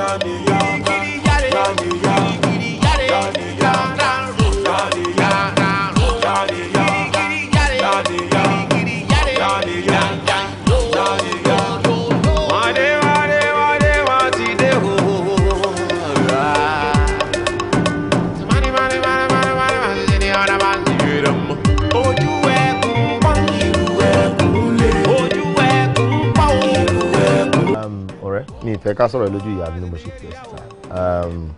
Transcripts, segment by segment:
Tami. fẹ́ ká sọ̀rọ̀ lójú ìyá mi ni mo ṣe pè é um,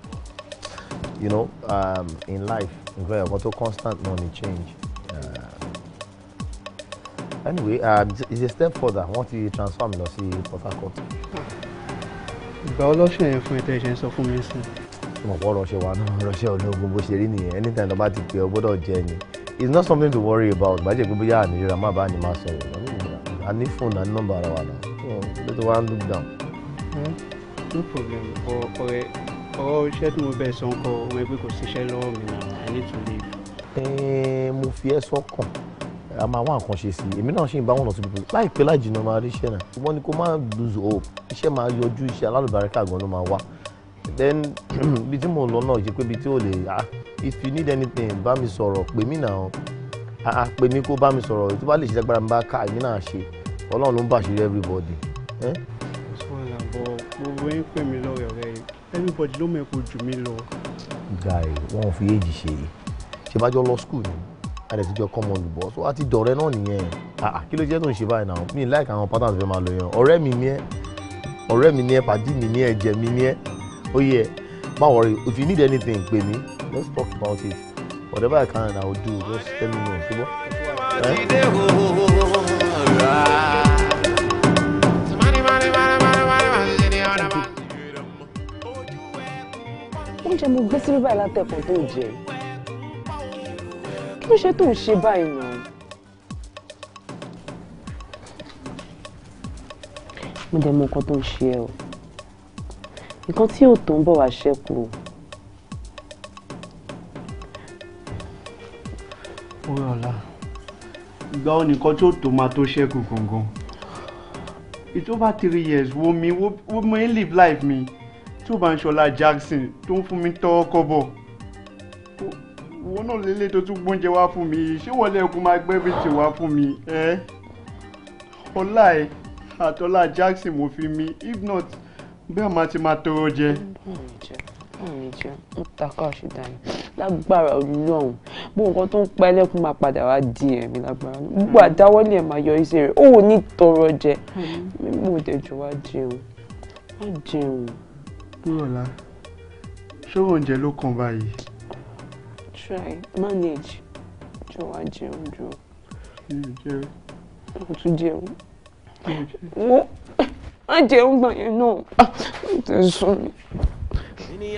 you know um, in life nǹkan ẹ̀kọ́ tó constant náà ni change uh, anyway uh, it's a step further wọ́n ti transfer mi lọ sí Port Harcourt. ìgbà ọlọ́ṣẹ̀ yẹn fún ètò ìṣẹ́ sọ fún mi sí. mo kọ́ rọṣẹ́ wa náà rọṣẹ́ ológun bó ṣe rí nìyẹn anytime tó bá ti pè ọ gbọ́dọ̀ jẹ ẹyin it's not something to worry about gbàjẹ́ pé bóyá àníyàn má bá ní má sọ̀rọ̀ a ní fóònù a ní nọ́mbà ara wa náà look down no problem but ọ̀rẹ́ ọ̀rọ̀ oh, iṣẹ́ tí mo bẹ̀ sọ ń kọ ọmọ ẹgbẹ́ kò ṣiṣẹ́ lọ́wọ́ mi náà i need to leave. Eh, mo fi ẹ sọ́kàn a máa wá nǹkan ṣe sí i èmi náà ṣì ń bá wọn lọ sí pípọ̀ láìpẹ́ láì jìnnà máa rí iṣẹ́ náà wọ́n ní kó lose hope iṣẹ́ máa yọjú iṣẹ́ alálùbáríkà gan ló máa wá then ibi tí mo lọ náà jẹ́ pé ibi tí ò lè ah if you need anything bá mi sọ̀rọ̀ pè mí náà ah pè mí kó bá mi sọ̀rọ̀ tó bá lè ṣe lágbára mi bá ká èmi náà ṣe ọlọ́run ló ń bàṣírí everybody. Eh? gbogbo yín pè mí lọ́rẹ̀ ọ̀rẹ́ yìí everybody ló mẹ́kò jù mí lọ. guy wọn ò fi èjì ṣe é ṣe bá jọ lọ school ni a lè ti jọ common olùbọ so a ti dọ̀rẹ́ náà nìyẹn ah, kí ló jẹ́ tó ń ṣe báyìí náà mi láìka àwọn patterns fẹ́ máa lọ yẹn ọ̀rẹ́ mi ni ẹ́ ọ̀rẹ́ mi ni ẹ́ pàdí mi ni ẹ́ ẹ̀jẹ̀ mi ni ẹ́ ó yẹ má worry if you need anything pè mí let's talk about it whatever I can I will do just tell me no ṣùgbọ́n. oúnjẹ mo gbé síbí báyìí látẹ̀kùn tó jẹ kí ló ṣe tó ń ṣe báyìí nà. mo dẹ̀ mọ nǹkan tó ń ṣe ẹ o nǹkan tí ò tó ń bọ̀ wá ṣẹ́kù o. orí ọ̀la ìgbà wo nìkan tí tó máa tó ṣẹ́kù gangan it's over three years wo mi wo mi live life mi tí ó Jackson tó ń fún mi tọ́wọ́ kọ́bọ̀ ìwọ náà lélẹ̀ tó tún gbóúnjẹ wá fún mi ṣé wọlé ẹkùn máa gbẹ́ bìtì wá fún mi ẹ́ ọlá ẹ àtọ́lá Jackson mo fi mi if not bẹ́ẹ̀ máa ti máa tọrọ jẹ. mi jẹ mo takọ àṣìdá yìí lágbára Ọlọ́run bó nǹkan tó ń pa ẹlẹ́kùn máa padà wá di ẹ̀mí lágbára náà gbogbo àdáwọ́lé ẹ̀ máa yọ iṣẹ́ rẹ̀ ó ní tọrọ jẹ hmm. mímú òdẹjọ wá jẹun wá jẹun. Búrọ̀lá, ṣọ́rọ̀ oúnjẹ ló kàn Try manage. Jọ wá jẹun jọ. Mi ò jẹun. Mo tún jẹun. Mo má jẹun gbà yẹn náà. Mo ah, ti sùn mí. Mi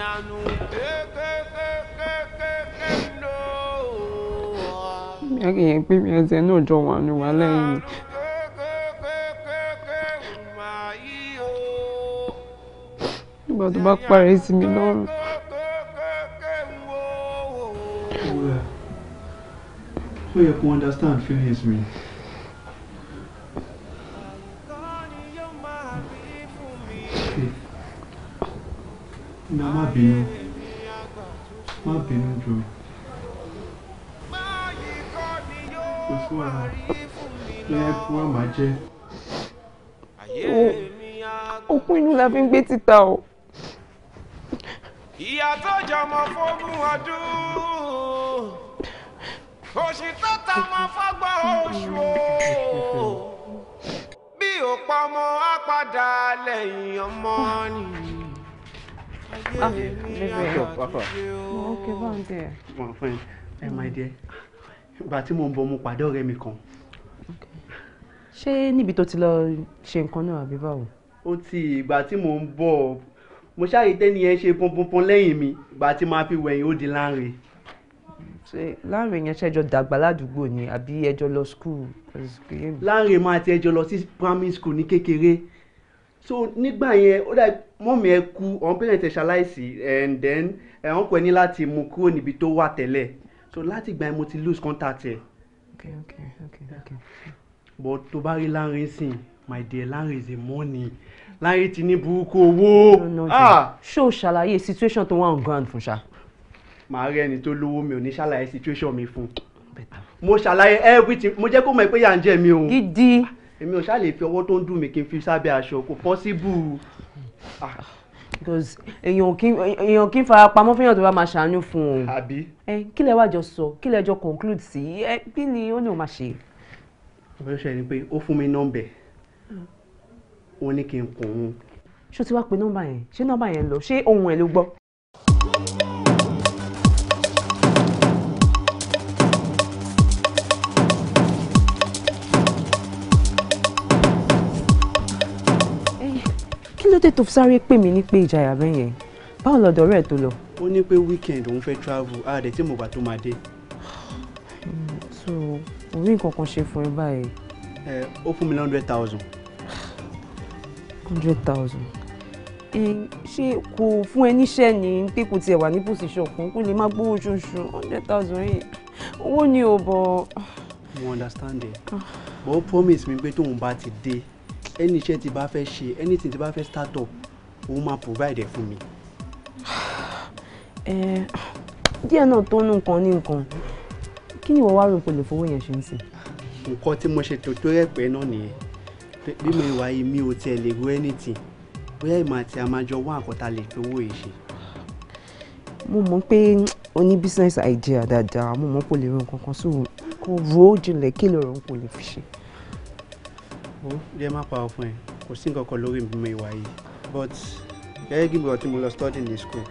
àgbẹ̀yẹ̀ pé mi ẹsẹ̀ náà jọ wà ní wàhálà yìí. ìgbà tó bá parí sí mi lọ́rùn. ó yẹ kó understand feelings mi. na má bínú má bínú jọ̀ọ́ kò sí wàhálà lẹ́yìn kó wà má jẹ́. òpin inú la fi ń gbé títa o ìyá tó jọmọ fógún ọdún oṣù tó ta mọ fọgbọ́n oṣù o bí ò pa ọmọ á padà lẹ́yìn ọmọ ni. Ah, My friend, my dear. Ìgbà tí mo ń bọ̀ mo pàdé ọ̀rẹ́ mi kan. Ṣé níbi tó ti lọ ṣe nǹkan náà àbí báwo? Ó ti ìgbà tí mo ń bọ̀ mo ṣáàyè tẹ́ni yẹn ṣe pọnpọnpọn lẹ́yìn mi ìgbà tí màá fi wẹ̀yìn ó di láǹre. ṣé láǹre yẹn ṣẹjọ dàgbà ládùúgbò ni àbí ẹjọ lọ skul. láǹre máa ti ẹjọ lọ sí primary school ní kékeré so nígbà yẹn ó dà mọ́mí ẹ kú ọ̀n parent ẹ ṣaláìsí and then ẹ̀ eh, ń pẹ́ ní láti mú kúrò níbi tó wà tẹ́lẹ̀ so láti ìgbà yẹn mo ti lose contact ẹ̀. okay okay okay okay. but tó bá rí láǹre sìn my dear láǹre is a money láyé ti ní burúkú owó. Ah! ṣó ṣàlàyé situation tó wà on ground fún ṣá. màá rí ẹni tó lówó mi ò ní ṣàlàyé situation mi fún. mo ṣàlàyé everything mo jẹ́ kó mọ̀ pé yà ń jẹ mi o. gidi. èmi ò ṣáà lè fi ọwọ́ tó ń dùn mí kí n fi sábẹ́ aṣọ kò possible. Ah! because èèyàn kì í fara pamọ́ fẹ́yàn tó bá máa ṣàánú fún un. àbí. ẹ kí lẹ wá jọ sọ kí lẹ jọ conclude sí ẹ kí ni ó ní o máa ṣe. ọ̀rẹ́ ṣe ni pé ó fún mi nọ́mbẹ̀ wọ́n ní kí n kùn un. ṣó ti wá pe nọ́mbà yẹn ṣé nọ́mbà yẹn lọ ṣé ohun ẹ̀ ló gbọ́. kí ló dé tó sáré pè mí ní pé ìjayà bẹ́ẹ̀ yẹn báwo lọ́dọ̀ rẹ̀ tó lọ. ó ní pé weekend òun fẹ́ travel á dẹ̀ tí mo bá tó máa dé. so orí nǹkan kan ṣe fún ẹ báyìí. ẹ ó fún mi ní hundred hundred thousand ṣé kò fún ẹ níṣẹ́ ni pé kò tiẹ̀ wà ní pòsíṣàn kan kó lè má gbówó oṣooṣù hundred thousand yìí owó ni ò bọ̀. mo understand it ah. but ó promise mi pé tóun bá ti dé any iṣẹ́ tí bá fẹ́ ṣe anything tí bá fẹ́ start up òun máa provide ẹ̀ fún mi. díẹ̀ náà tó nù nǹkan ní nǹkan kí ni ìwọ wá rò pé lè yẹn ṣe ń sìn. nǹkan tí mo ṣe tó tó rẹ̀ pẹ́ náà nìyẹn bí mo ìwà yìí mi ò tiẹ̀ lè ro anything bóyá ìmọ̀ àti àmàjọ wá àkọ́tà lè fi owó yìí ṣe. mo mọ̀ pé o ní business idea dáadáa mo mọ̀ kò lè ro nǹkan kan so kò ro jinlẹ̀ kí lè ro kò lè fi ṣe. ó jẹ́ má pa ọ̀fun ẹ̀ kò sí nǹkan kan lórí mi ìwà yìí but gẹ́gẹ́ bí ọtí mo lọ study ní school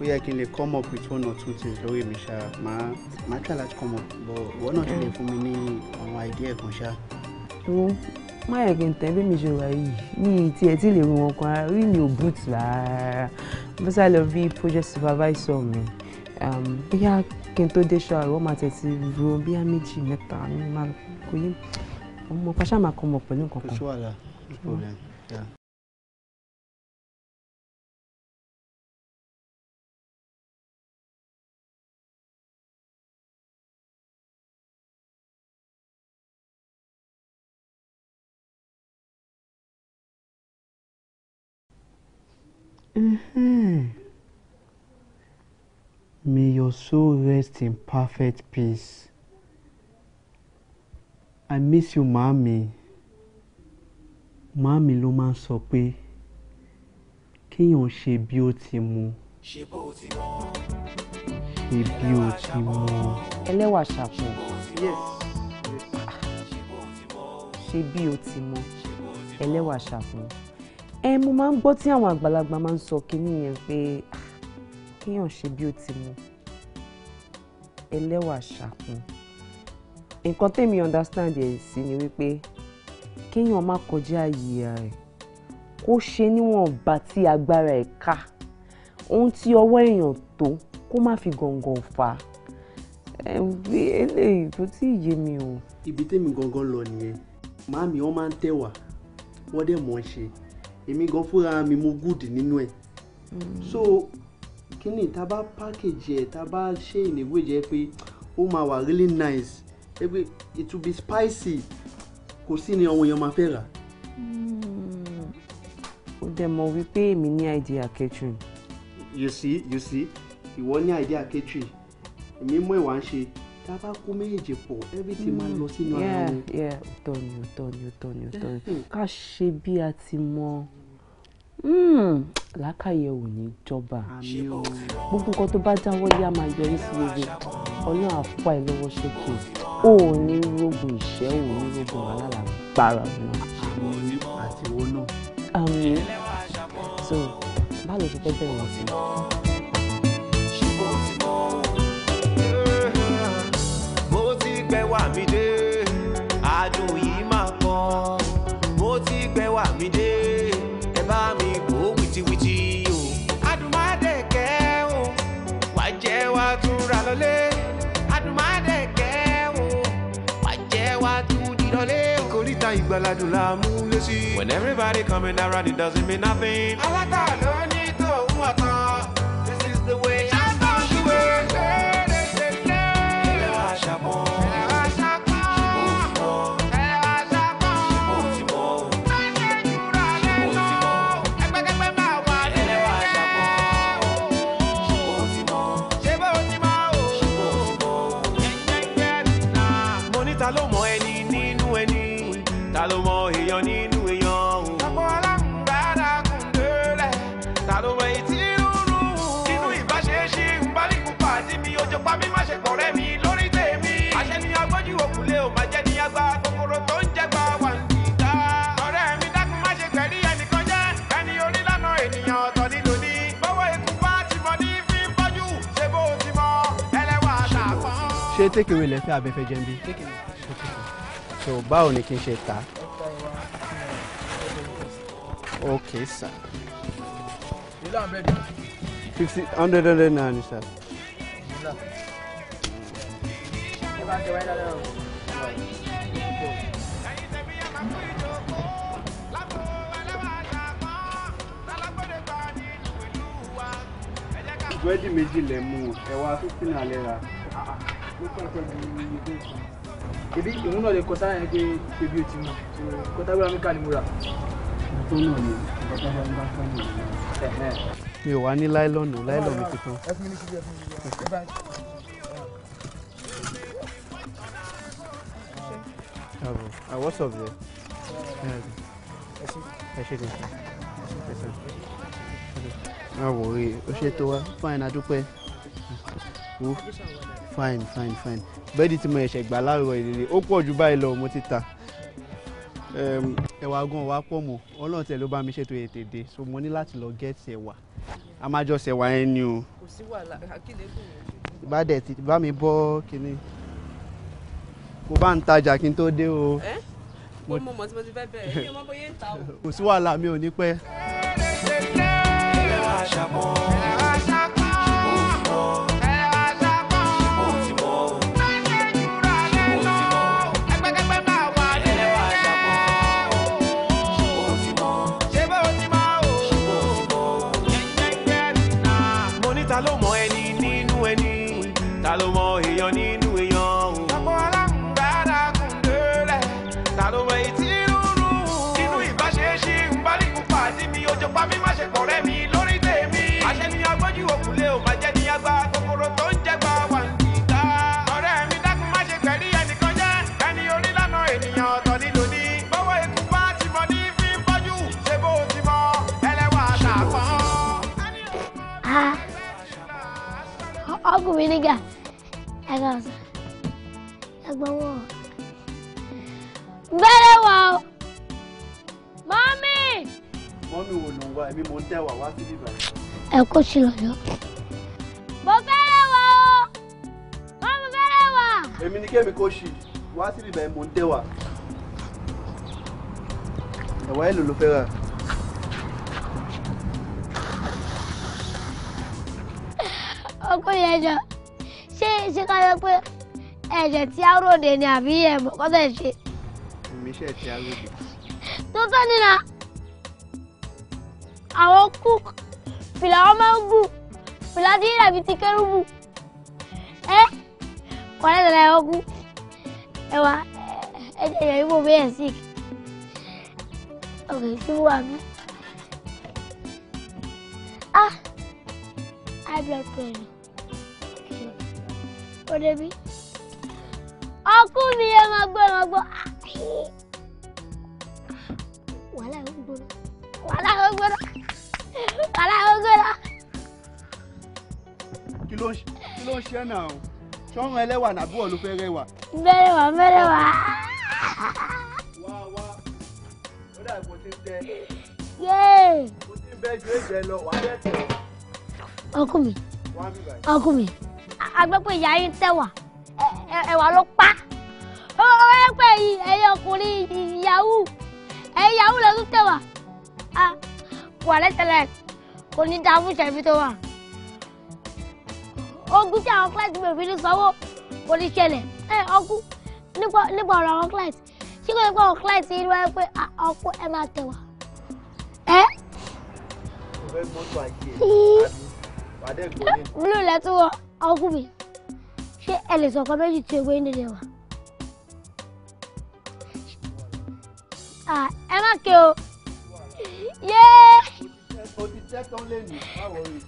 ó yẹ kí n lè come up with one or two things lórí mi ṣá máa máa try láti come up but ìwọ náà ti lè fún mi ní àwọn idea kan ṣá má yẹ kí n tẹ bí mi ṣe wà yìí ní ti ẹ tí lè rún wọn kan rí mi ò boot rárá bó sá lọ rí project supervisor mi um, bóyá kí n tó dé ṣọ àwọn máa tẹ̀sí ro bóyá méjì mẹ́ta ní máa kó yé ọmọ pàṣẹ máa ọmọ pẹ̀lú nǹkan kan. Mm-hmm. May your soul rest in perfect peace. I miss you, mommy. Mommy, ló máa ń sọ pé kéèyàn ṣe bí ó ti mu. Ṣé bí ó ti mu? Ẹlẹ́wà ṣàpọ̀. Yes. Ṣé bí ó ti mu? Ẹlẹ́wà ṣàpọ̀ ẹ mo máa ń gbọ́ tí àwọn àgbàlagbà máa ń sọ kínní yẹn pé ah, kéèyàn ṣe bí ó ti mu ẹlẹ́wà ṣàkun nǹkan tèmi understand ẹ̀ sí ni wípé kéèyàn má kọjá àyè rẹ̀ kó ṣe níwọ̀nba tí agbára ẹ̀ ká ohun tí ọwọ́ èèyàn tó kó má fi gàngàn fà á eléyìí tó tí ì yé mi o. ibi tèmi gangan lọ nìyẹn màámi wọn máa ń tẹwà wọn dẹ mọ ọ ṣe èmi gan fúnra mi mo good nínú ẹ̀ mm. so kíni tá a bá package ẹ̀ tá a bá ṣe ìnáwó jẹ́ pé ó máa wà really nice ẹ pé it will be spicy kò sí ni àwọn èèyàn máa fẹ́ rà. Mm. ó dẹ̀ mọ̀ wípé èmi ní idea catering. you see you see ìwọ ní idea catering èmi mú ìwà ń ṣe tá a bá kó méjèèjì pọ̀ everything máa ń mm. lọ sínú ara wọn. ọ̀tọ̀ ni ọ̀tọ̀ ni ọ̀tọ̀ ni ọ̀tọ̀ ni hmm. ká ṣe bí a ti mọ. Hmm, làákàyè ò ní jọba gbogbo nǹkan tó bá dáwọ́ lé a máa yọrí sí rere ọlọ́run àfọ́ ẹ lọ́wọ́ ṣókè ó ní rògùn ìṣẹ́ ò ní rògùn wàhálà gbára náà. àti owó náà. so báwo ṣe fẹ́ bẹ̀rẹ̀ sí i. mi dé. gbàládùn la mú lé sí. when everybody coming around it doesn't mean nothing. aláta ló ní tòun ọ̀tàn. this is the way. ṣáà tó ń ṣúwèé. ilé wa ṣàbọ̀n. ṣé tékèwé lẹ́fẹ́ abẹ́fẹ́ jẹ́ ń bí so báwo ni kí n ṣe ta ok sir fifty hundred hundred naira ni sir. búrẹ́dì méjì lẹ̀ mú ẹ wá fífínà lẹ́ra ebi òun náà lè kọta yẹn pé ebi ò ti mọ kọta wíwá mi kà ní mo rà. ọ̀tọ̀ náà ni kọta bá ń bá fẹ́ mi. mi ò wá ní láìlọ́ọ̀nù láìlọ́ọ̀nù tuntun. Bravo. Ah, what's up there? Ẹ ṣe kìí. Má wọ̀rí, ó ṣe tó wá, fún àyìnà dúpẹ́. Wo fine fine fine bẹ́ẹ̀dì tí mo ṣẹ̀ṣẹ̀ gbà láàárọ̀ ìrere ó pọ̀ ju báyìí lọ mo ti ta ẹ̀wà gan wa pọ̀ mọ́ ọlọ́run tẹ̀ ló bá mi ṣètò ètè dé so mo ní láti lọ gẹ́ẹ̀tì ẹ̀wà a máa jọ ṣẹ̀wà yẹn ni o. bá dẹ̀ ti bá mi bọ́ kínní kò bá ń tajà kí n tó dé o. ẹ mo mọ̀ tí mo ti fẹ́ bẹ̀rẹ̀ ẹ̀yin ọmọ bóyá ń ta o. kò sí wàhálà mi ò ní pẹ́. ẹ̀rọ àṣàmọ́ ẹ̀rọ àṣàkọ́ ṣùgbọ́n fún ọ. vinegar ẹ̀ka ọ̀sán ẹ̀gbọ́n wọn. bẹ́ẹ̀ wà ó mọ́mí. mọ́mí wo ló ń wá èmi mò ń tẹ̀wà wá síbí báyìí. ẹ kó sí lọ́jọ́. mo fẹ́rẹ̀ wà ó mọ́mí fẹ́rẹ̀ wà. èmi ni kémi kó sí wá síbí báyìí mò ń tẹ̀wà. ẹ̀wà èlò ló fẹ́ rà. ọkọ yẹn ṣé ṣé ká yọ pé ẹ̀jẹ̀ tí aróde ni àbí ẹ̀mọ́ kọ́tẹ̀ ṣe. ìmísẹ̀ tí aróde. tó tọ́ nínú àwọn cook fìlà wọn máa ń gùn fìlà tí ìrẹ̀bí ti kérúbù ẹ kọ́lẹ́ tẹ̀lé ẹ̀wọ́ kú ẹ̀wà ẹ̀jẹ̀ yẹn ìbò bẹ́ẹ̀ sick ọ̀gẹ̀ tí wọ́n wà mí. ah high blood pressure kò débi ọkùn mi yẹn máa gbọ́ máa gbọ́ wàhálà yóò gbóná wàhálà yóò gbóná wàhálà yóò gbóná. kí ló kí ló ṣe náà ṣọ́run ẹlẹ́wà nàbí wọ̀ ló fẹ́ rẹwà. mẹ́rẹ̀wá mẹ́rẹ̀wá. wá wá ó dà bó ti tẹ. yéè. ó ti bẹ́ ju èjẹ lọ wàá yẹ tẹ. ọkùn mi ọkùn mi agbẹ́pẹ́ ìyá yín tẹ̀wà ẹ̀wà ló pa ó yẹ pé ẹ̀yin ọkùnrin ìyàwó ẹ̀yin ìyàwó ló tún tẹ̀wà wà lẹ́tẹ̀lẹ̀ kò ní dáa fún ṣẹ̀fí tó wà ogun tí àwọn client mi ò fi ní sanwó kò ní ṣẹlẹ̀ ẹ ọkú nípa ọ̀rọ̀ àwọn client ṣé kò ní pa àwọn client yìí wáyé pé ọkú ẹ máa tẹ̀wà blue lẹ́tọ́ wọ ọkùnrin ṣé ẹ lè sọ̀kan méjì tí ewé ń dèdè wá. ẹ má ké o yé. o ti tẹ́ tán lẹ́nu báwo rí.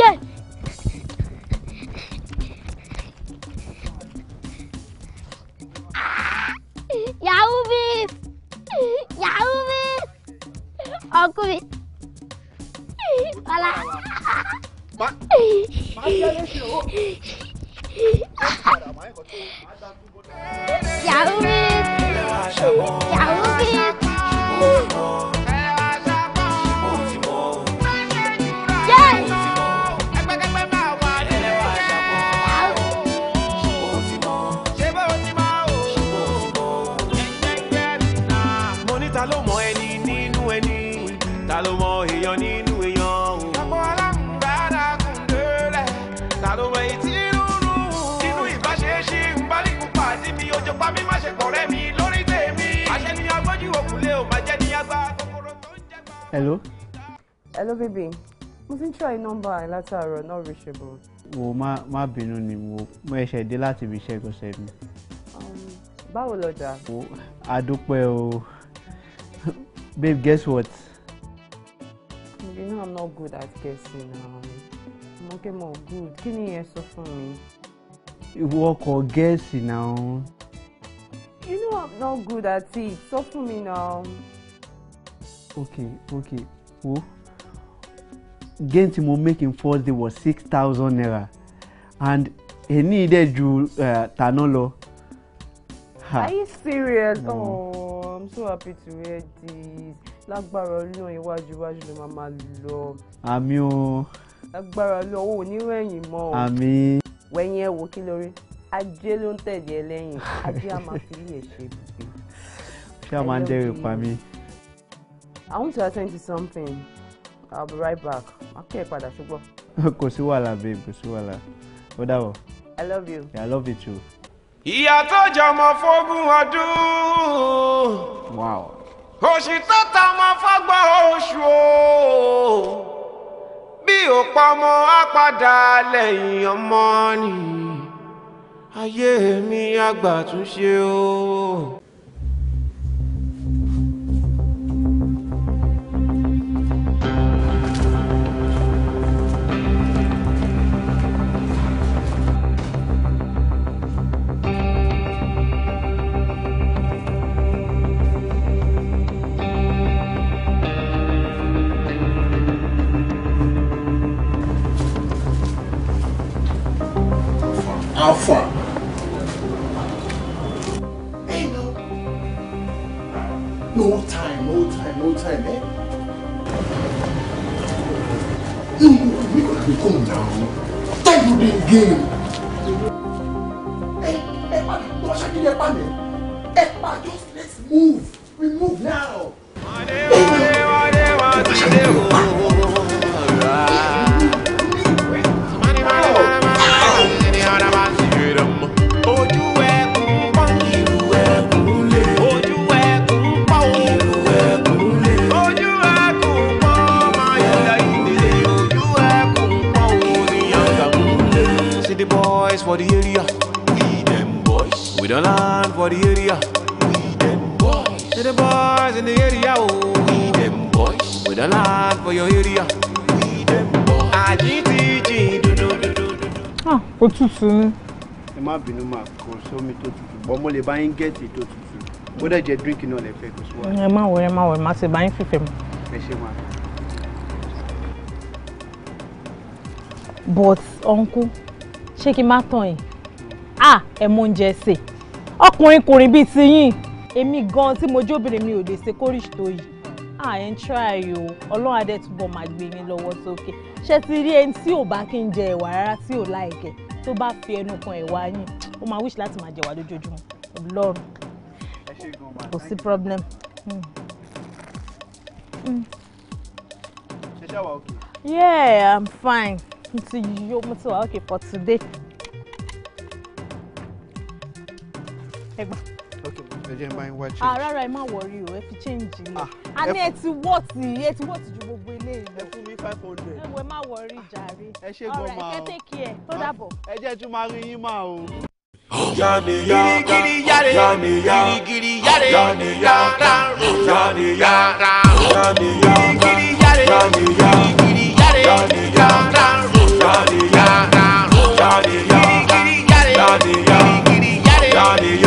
yé. yahoo beef yahoo beef ọkùnrin. Bala. Má má jẹ́ Yes. hello. hello baby mo ti ń try number ẹ látàárọ̀ not reachable. wo má má bínú ni mo mo ẹsẹ̀ dé láti ibi iṣẹ́ ìgbọ̀nsẹ̀ mi. Um, báwo lọ́jà. o adúpẹ́ o babe guess what. you know i'm not good at guessing um, mo kẹ́ mo good kí ni ẹ sọ fún mi. ìwọ kò gẹ́ẹ̀sì náà. you know i'm not good at it sọ fún mi náà okay okay wo gain tí mo make in first day was six thousand naira and he needed ju tanolo. lọ. are you serious? No. Oh, i'm so happy to hear this lágbára ọlọ́run iwájú iwájú ló máa máa lọ. àmì o. lágbára ọlọ́run owó onírẹ̀yìn mọ́ o. àmì. wẹ̀yìn ẹ̀ wò kí lórí ajé ló ń tẹ̀lé ẹ lẹ́yìn ajé a máa fi ilé ẹ̀ ṣe ibùgbé. ṣé a máa ń dẹ́rù pa mí. I want to attend to something. I'll be right back. Okay, father. ṣùgbọ́n. Kò babe, kò sí wàhálà. Ó I love you. Yeah, I love you too. Ìyá tó jọmọ fógún Wow. Oṣù tata ta ọmọ fọ́gbọ́n oṣù o. Bí ò pa ọmọ á mi àgbà tún o. Alpha We don't land for the area. We them boys. To the boys in the area, oh. We them boys. We don't land for your area. We them boys. IGTG. Ah, ó tutù ni. Ẹ má bínú máa kó sómi tó tutù, bọ́ mo lè bá yín gẹ̀ẹ́tì tó tutù. Bó dẹ̀ jẹ́ dírínkì náà lè fẹ́ kó sí wa. Ẹ má wọ̀ ẹ má wọ̀ ẹ má ṣe bá yín fífẹ́ mu. Ẹ But uncle, ṣé kí n má Ah, ẹ mú oúnjẹ ọkùnrin kùnrin bíi ti yín èmi gan tí mo jóbìnrin mi ò lè ṣe kórìṣì tó yìí à ẹ̀ ń try o ọlọ́run adé túbọ̀ máa gbé yín lọ́wọ́ sókè ṣé ti rí ẹni tí ò bá kí ń jẹ ẹ̀wà rárá tí ò láìkẹ́ tó bá fi ẹnu kan ẹ̀wà yín ó máa wíṣì láti máa jẹ̀wà lójoojúmọ́ ọlọ́run kò sí problem. ṣe hmm. hmm. ṣe wà okay. yeah i'm fine mo ti yó mo ti wà okay for today. ẹ̀gbọ́n. ok ẹ jẹ́ n bá yín wá change. ah rárá ẹ má wọrí o ẹ fi change ni. Ah, a ní ẹ ti wọ́ọ̀tì ẹ ti wọ́ọ̀tì ju gbogbo eléyìí lọ. ẹ fún mi five hundred. ẹ wo ẹ má wọrí jàre. ẹ ṣe gan ma o ọ̀rẹ́ ẹ take care tó dàbọ̀. ẹ jẹ́ tún máa rí yín máa o. Girigiri yare, girigiri yare, yara, yara, girigiri yare, girigiri yare, yara, yara, girigiri yare. Can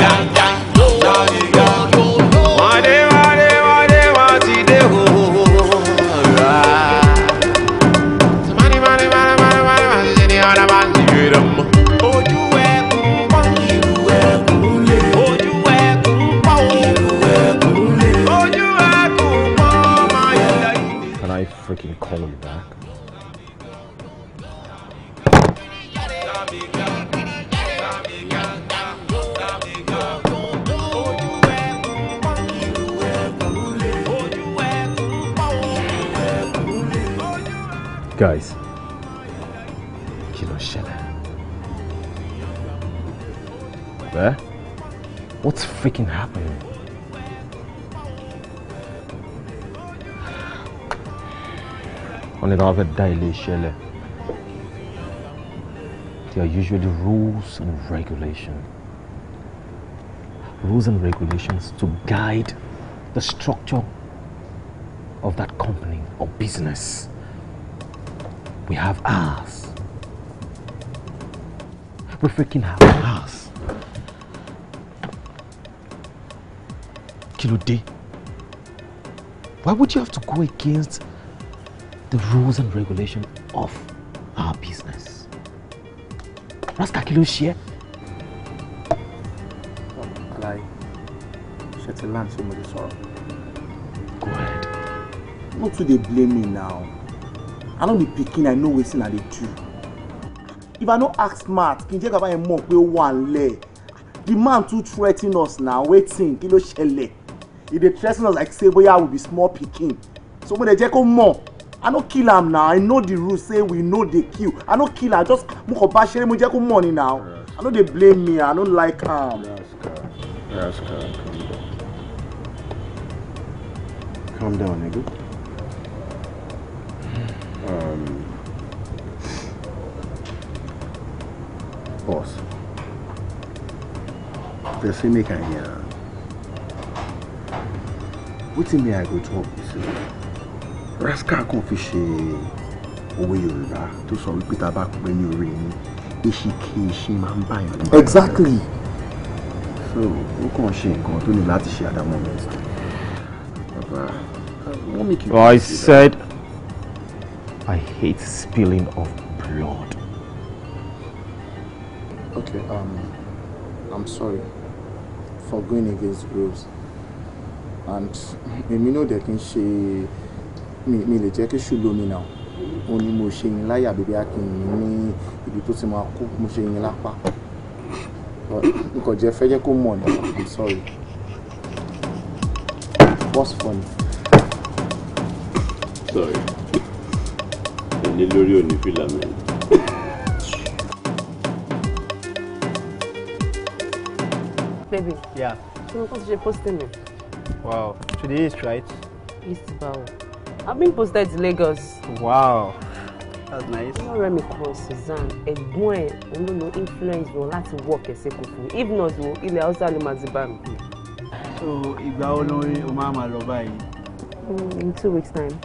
I freaking call him back? Guys, kilo ló ṣẹlẹ̀? What's freaking happening? Only ní ká wá There are usually rules and regulations. Rules and regulations to guide the structure of that company or business. We have ours. We freaking have ours. Kí ló Why would you have to go against the rules and regulation of our business? Rascal kilo share. ṣe é? Alaye, ṣe ti land ṣe mo lè Go ahead. No too they blame me now i no be picking. i know wetin i the two. if i no ask smart can n jẹ́ a yẹn with one leg. the man too threatening us na wetin you ló ṣẹlẹ̀ If they threaten us like say boy, I will be small picking. so when they check on mọ̀ i no kill him now. i know the rule say we know dey kill i no kill am just move up. bá ṣeré mo jẹ́ money now. i know they blame me i no like him. Yes, yes, calm calm down nigga. Um, boss, the same make I hear. Wetin me I go talk with you? Rascal kan fi ṣe òwe Yorùbá tó sọ wípé tá a bá pẹ́ ní orí yín, iṣìkì iṣin Exactly. So ó kàn ṣe to the ní láti ṣe àdámọ́ mi. Bàbá, wọ́n mi kì í. Oh, I said. That. I hate spilling of blood. Okay, um, I'm sorry for going against rules. And èmi náà dẹ̀ kí n ṣe mi lè jẹ́ kí ṣùgbọ́n mi náà ó ní mo ṣe yín láyà bíbí akínyìn ní ibi tó ti máa kú mo ṣe yín lápá. Nǹkan jẹ́ fẹ́ jẹ́ I'm sorry. What's funny? Sorry lé lórí òní filament. baby. Yeah. So what is she posting me? Wow. Today is right. East Bow. I've been posted to Lagos. Wow. That's nice. Wọ́n rẹ̀ mi kan Suzanne, ẹ̀gbọ́n ẹ̀ òun ló influence wọn láti wọ̀ kẹsẹ̀ kò fún mi. If not, wo ilẹ̀ Hausa ló máa ti bá mi. So ìgbà wo ló ń o máa máa lọ báyìí? Mm, in two weeks time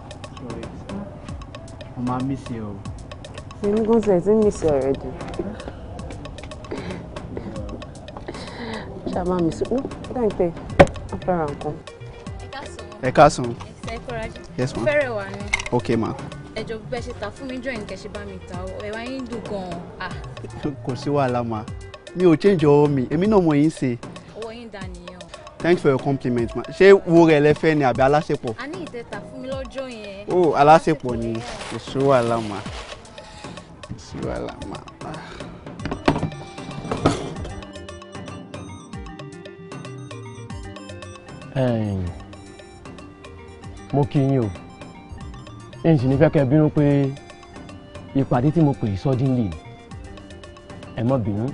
mo máa miss you o. èmi gan miss you already. ṣá máa miss you dáńtẹ́ afárá nǹkan. ẹ káàsán. ẹ kọ́rajà. yes ma. fẹ́rẹ̀ wà Okay, ok ma. ẹjọ bẹ ṣe ta fún mi jọ ìǹkẹ ṣe bá mi ta ọ ẹwà yín dùn gan-an. Ah. kò sí wàhálà ma mi ò change ọwọ́ mi èmi náà mọ̀ yín ṣe. owó yín dání thanks for your compliment ma ṣé wo rẹ̀ lẹ́fẹ́ ni àbí aláṣepọ̀. a ní ìtẹ̀ta fún mi lọ́jọ́ yẹn. o aláṣepọ̀ ni kò sí wàhálà mà kò sí wàhálà mà. mo kí yín o ẹ̀yìn sì ní fẹ́ kẹ́ bínú pé ìpàdé tí mo pè é suddenly ẹ̀ mọ́ bínú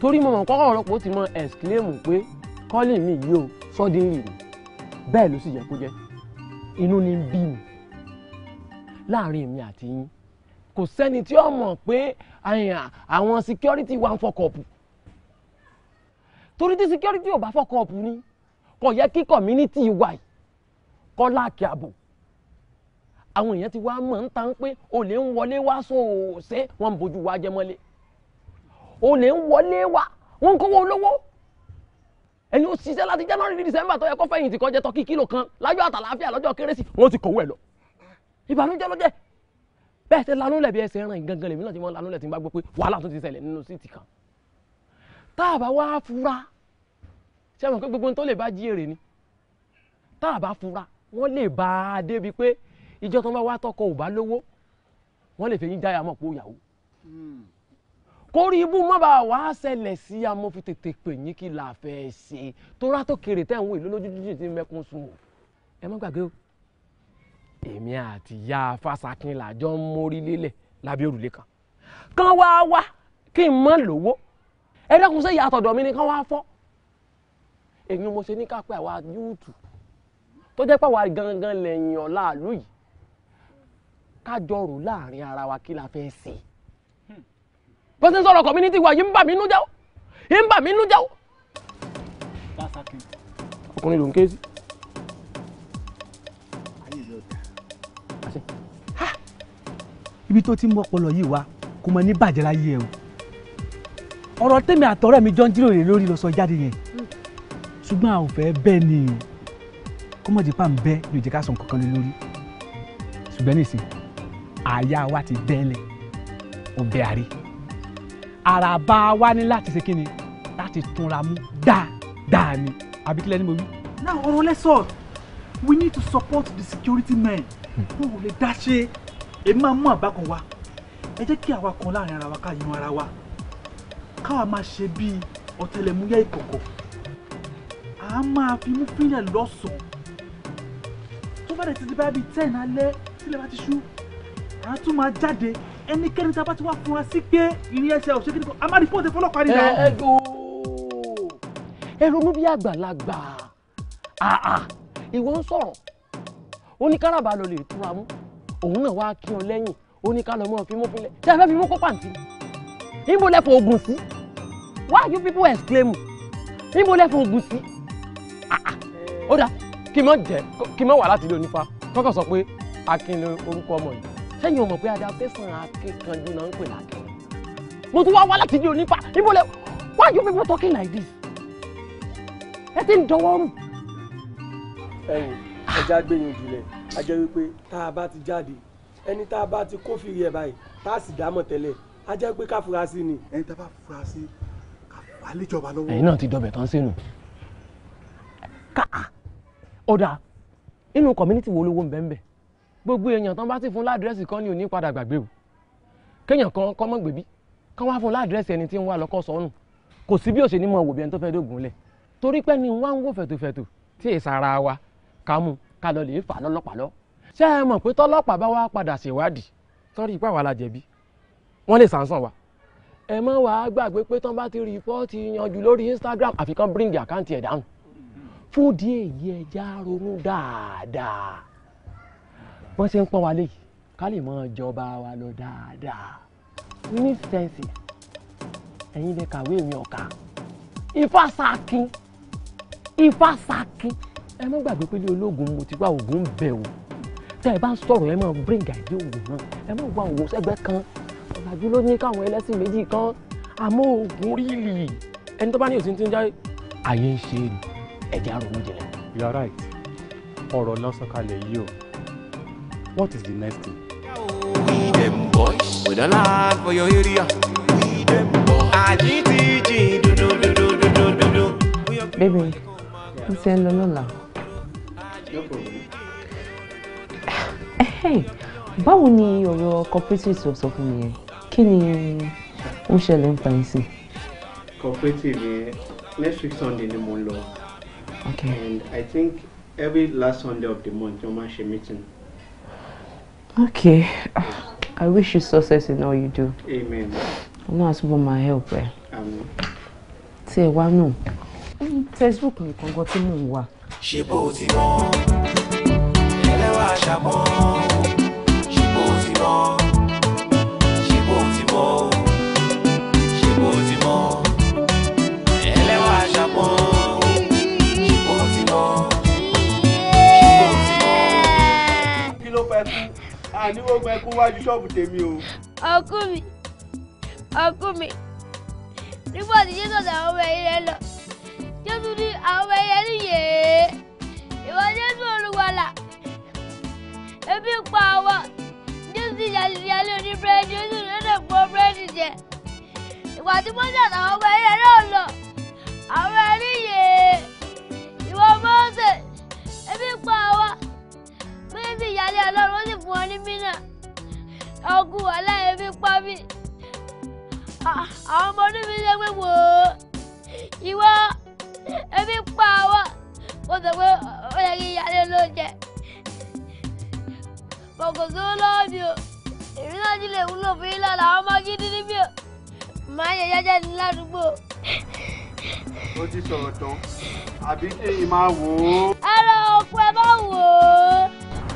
torí mo mọ̀ kọ́kọ́ ọ̀rọ̀ pé ó ti mọ exclaim pé Calling me, yo. suddenly ni bẹ́ẹ̀ ló sì yẹ kó jẹ́ inú ni ń bí mi láàrin èmi àti yín kò sẹ́ni tí ó mọ̀ pé eh, àwọn security wa ń fọkọ̀ọ̀pù torí tí security ò bá fọkọ̀ọ̀pù ni kò yẹ kí community wa yìí kọ́ láàkì ààbò àwọn èèyàn ti wá mọ̀ ń tan pé olè ń wọlé wá sóòsẹ́ wọ́n bójú wa jẹ mọ́lé olè ń wọlé wá wọ́n ń olówó ẹ̀yin ó ṣiṣẹ́ láti january december tó yẹ kó fẹ̀yìntì kó jẹ tọ́kì kílò kan láyọ̀ àtàlàáfíà lọ́jọ́ kérésì wọ́n ti kọ̀wé ẹ̀ lọ ìbànújẹ́ ló jẹ́ bẹ́ẹ̀ ṣe lanú lẹ̀bi ẹsẹ̀ ẹran ìgangan lèmi náà ti mọ lanú lẹ̀ tí n bá gbọ́ pé wàhálà tó ti ṣẹlẹ̀ nínú síìtì kan tá a bá wá fura ṣé àwọn gbogbo tó lè bá jí èrè ni tá a bá fura wọ́n lè bá a débi pé ìjọ tó ń bá wá tọkọ ò bá lówó wọ́n lè fẹ́ yín jáyà mọ̀ pé ó yàwó hmm kórí ibú má bàa wá ṣẹlẹ̀ sí i àmọ́ fi tètè pè yín kí la fẹ́ ṣe torá tó kéré tẹ̀ ń wò lójú jíjìn tí mẹ́kún sùn o ẹ má gbàgbé o èmi àti ìyá fásakin làjọ ń mórí lélẹ̀ lábẹ́ òrùlé kan kan wá wá kí n má lówó ẹ dákun ṣe ìyá àtọ̀dọ̀ mi ni kan wá fọ́ èyí mo ṣe ní ká pé àwa yúùtù tó jẹ́ pé àwa gangan lẹ́yìn ọ̀la àlú yìí ká jọ rò láàrin ara wa kí la fẹ́ ṣe bó ti ń sọ̀rọ̀ community wa yìí ń bà mí nú jẹ́ ó yìí ń bà mí nú jẹ́ ó. ọkùnrin ló ń ké sí. ibi tó ti ń mọ́pọlọ yìí wá kò mọ ní bàjẹ́ láyé ẹ o ọ̀rọ̀ tèmi àtọ̀rẹ́ mi jọ ń jíròrò lórí lọ́sọ jáde yẹn ṣùgbọ́n a ò fẹ́ bẹ́ẹ̀ ni kó mọ̀ dípà ń bẹ́ ní òjì ká sọ nǹkan kan lé lórí ṣùgbọ́n nísìnyí àyà wa ti bẹ́ẹ̀ lẹ̀ ó bẹ́ àrí àràbà wa ní láti ṣe kíni láti túnra mú dáadáa ni àbí kílẹ̀ ni mo wí. now ọ̀rọ̀ lẹ́sọ̀ we need to support the security men hmm. wọn ò lè dá ṣe èmi máa mú àbá kan wá ẹ jẹ́ kí àwa kan láàrin ara wa ká yan ara wa káwa máa ṣe bíi ọ̀tẹlẹ̀múyẹ́ ìkọ̀kọ̀ à á máa fi mú pínlẹ̀ lọ́sàn-án tó bá dẹ̀ ti di bá bíi ten alẹ́ sílẹ̀ bá ti ṣú à á tún máa jáde ẹnikẹ́ni tí a bá ti wá fún wa sí pé ìrìn ẹsẹ̀ òṣèké nìkan a máa rí fóònù fọlọ́pàá nínú. ẹ ẹ gbòó ẹ ronú bí àgbàlagbà àà ìwọ ń sọ̀rọ̀ ó ní káràbà lọ lè túra mú òun náà wá kí ọ lẹ́yìn ó ní ká lọ mọ́ tí a fẹ́ fímú kó pàǹtí níbo lẹ fọ oògùn sí why you people exclaim níbo lẹ fọ oògùn sí ó dá kí n má jẹ kí n má wà láti ilé onífá kọ́kọ́ sọ pé akin ni orúkọ ọmọ yìí sẹ́yìn ọmọ pé adaptation akẹ́kànjú náà ń pè lákẹ́ni mo tún wá wá láti di onípa níbo lẹ why you people talking like this ẹ ti ń dọwọ́ rùn. ẹ wò ẹja gbẹ̀yìn jùlẹ̀ a jẹ́ wípé tá a bá ti jáde ẹni tá a bá ti kófìrí ẹ̀ báyìí tá a sì dámọ̀ tẹ́lẹ̀ a jẹ́ pé ká fura sí ni. ẹni tá a bá fura sí ká àlejọba lọ́wọ́. ẹ̀yin náà ti dọbẹ̀ tán sínú. ká ọ̀dà inú community wo ló wó ń bẹ́ẹ̀ bẹ́ẹ̀ gbogbo èèyàn tán bá sì fún ládírẹ́sì kan ní òní padà gbàgbé o kéèyàn kan kọ́ mọ́ gbèbí kán wá fún ládírẹ́sì ẹni tí ń wá lọ́kọ́ sọ́nù kò sí bí ó ṣe ní mọ̀ wò bí ẹni tó fẹ́ dógùn lẹ̀ torí pé ni wọ́n á ń wò fẹ̀tòfẹ̀tò tí èsì ara wa ká mú ká lọ lè fà lọ́lọ́pàá lọ. ṣé ẹ mọ̀ pé tọ́lọ́pàá bá wá padà ṣèwádìí sọ́rí ipá wa la jẹ̀bi wọ́n lè sàǹsàn wa. ẹ mọ́ wàá gbàgbé pé tán bá ti rìpọ́ọ̀tì yanjú lórí Instagram àfi kán bring àkáǹtì ẹ̀ down. fún díẹ̀ yìí ẹja ronú dáadáa wọ́n ṣe ń pọ́n wa léyìí ká lè máa jọba wa lọ dáadáa we ẹ̀yin lè kàwé mi ọ̀ka ifá sakin ẹ má gbàgbé pé ilé ológun mo ti wá ògùn bẹ̀ o tẹ́ ẹ bá ń sọ̀rọ̀ ẹ máa bring àìdí òwò náà ẹ má wá òwò sẹ́gbẹ́ kan ọ̀làjú ló ní káwọn ẹlẹ́sìn méjì kan àmọ́ ògùn rírì ẹni tó bá ní òsín tí ń jáde àyè ń ṣe ẹ̀jẹ̀ àrùn you are right ọ̀rọ̀ lọ́sọ̀kalẹ̀ yìí o What is the next thing? We them boys with a love for your area. We them boys. Àjíǹtìjì dúdú dúdú dúdú dúdú. Bébè, mo ti ń lọ lọ́la. Báwo ni ọ̀rọ̀ cooperative sọ sọ fún mi yẹn? Kí ni ó ń ṣẹlẹ̀ Cooperative next week Sunday ni mo lọ. Okay. And I think every last Sunday of the month, you're máa ń ṣe meeting. Okay. I wish you success in all you do. Amen. I'm not asking for my help. Eh? Amen. Say why no? Facebook you can go to me. wà. Ṣé bó ti mọ̀? Ẹlẹ́wà ṣàmọ́. Ṣé àníwó gbẹ kó wájú ṣọ́ọ̀bù tèmi o. ọkú mi ọkú mi nígbà tí jésù àti àwọn ọmọ ẹ̀yẹ lọ jésù ní àwọn ọmọ ẹ̀yẹ nìyẹn ìwọ jésù olùwàlà ebi ń pa àwọn jésù ti yàlẹ yàlẹ oní búrẹ́dì jésù lọ́dọ̀ pọ̀ búrẹ́dì jẹ ìwà tí mọ́tò àtàwọn ọmọ ẹ̀yẹ náà lọ àwọn ẹ̀yẹ nìyẹn. alẹ́ ọlọ́run ó sì fún ọ ní mínà ọkùn aláìfi pa mí ah, àwọn ọmọ ọdún mi ṣe pé wò ó ìwọ ebi pa wá mo sọ pé ó yẹ kí ìyáálé olóúnjẹ kòkò sówó lọ́wọ́ mi o èmi náà ti lè wúlò fún yín lọ́la àwọn ọmọ gidi níbí o màá yẹ jẹ́jẹ́ ní ládùúgbò. ó ti sọ̀rọ̀ tán àbí kéyìn máa wò ó. ẹ lọ òkú ẹ wò ó.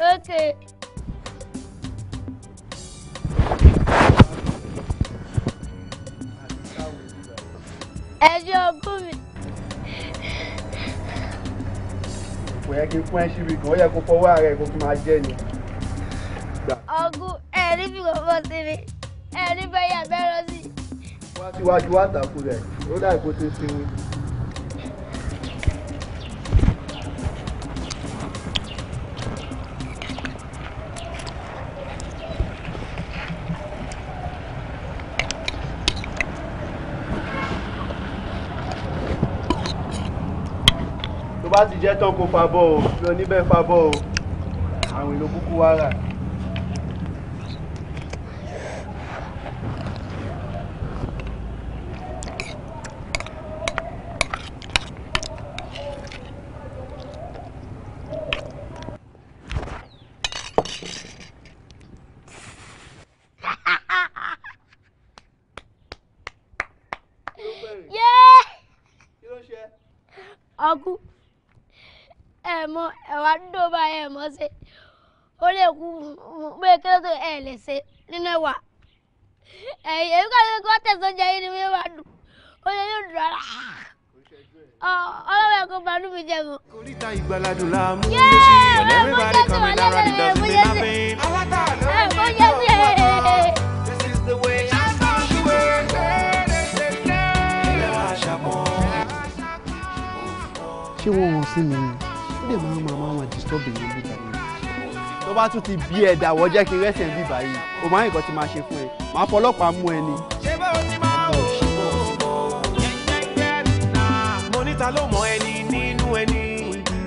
Okay. Ẹjọ́ bùnmi. Kò yẹ kí fún ẹ ṣíbi kan, ó yẹ kó fọwọ́ ara ẹ̀ kó fi máa jẹ́ ni. Ọgùn ẹ̀rí fi kàn fọ́ sí mi, ẹ̀rí bẹ́yà bẹ́rọ sí. Wá síwájú wá tàkùrẹ̀, ó dà kó ti sinmi. bá ti jẹ́ tán kó fa bọ́ o mi ò ní o àwìn ló kúkú wá rà. tún ti bí ẹ dàwọ́ jẹ́ kí rẹ́sẹ̀ ń báyìí o máa ń nǹkan ti máa ṣe fún ẹ màá fọlọ́pàá mú ẹ ni. ṣé bá o ti máa wò ó mo ní ta ló mọ ẹni nínú ẹni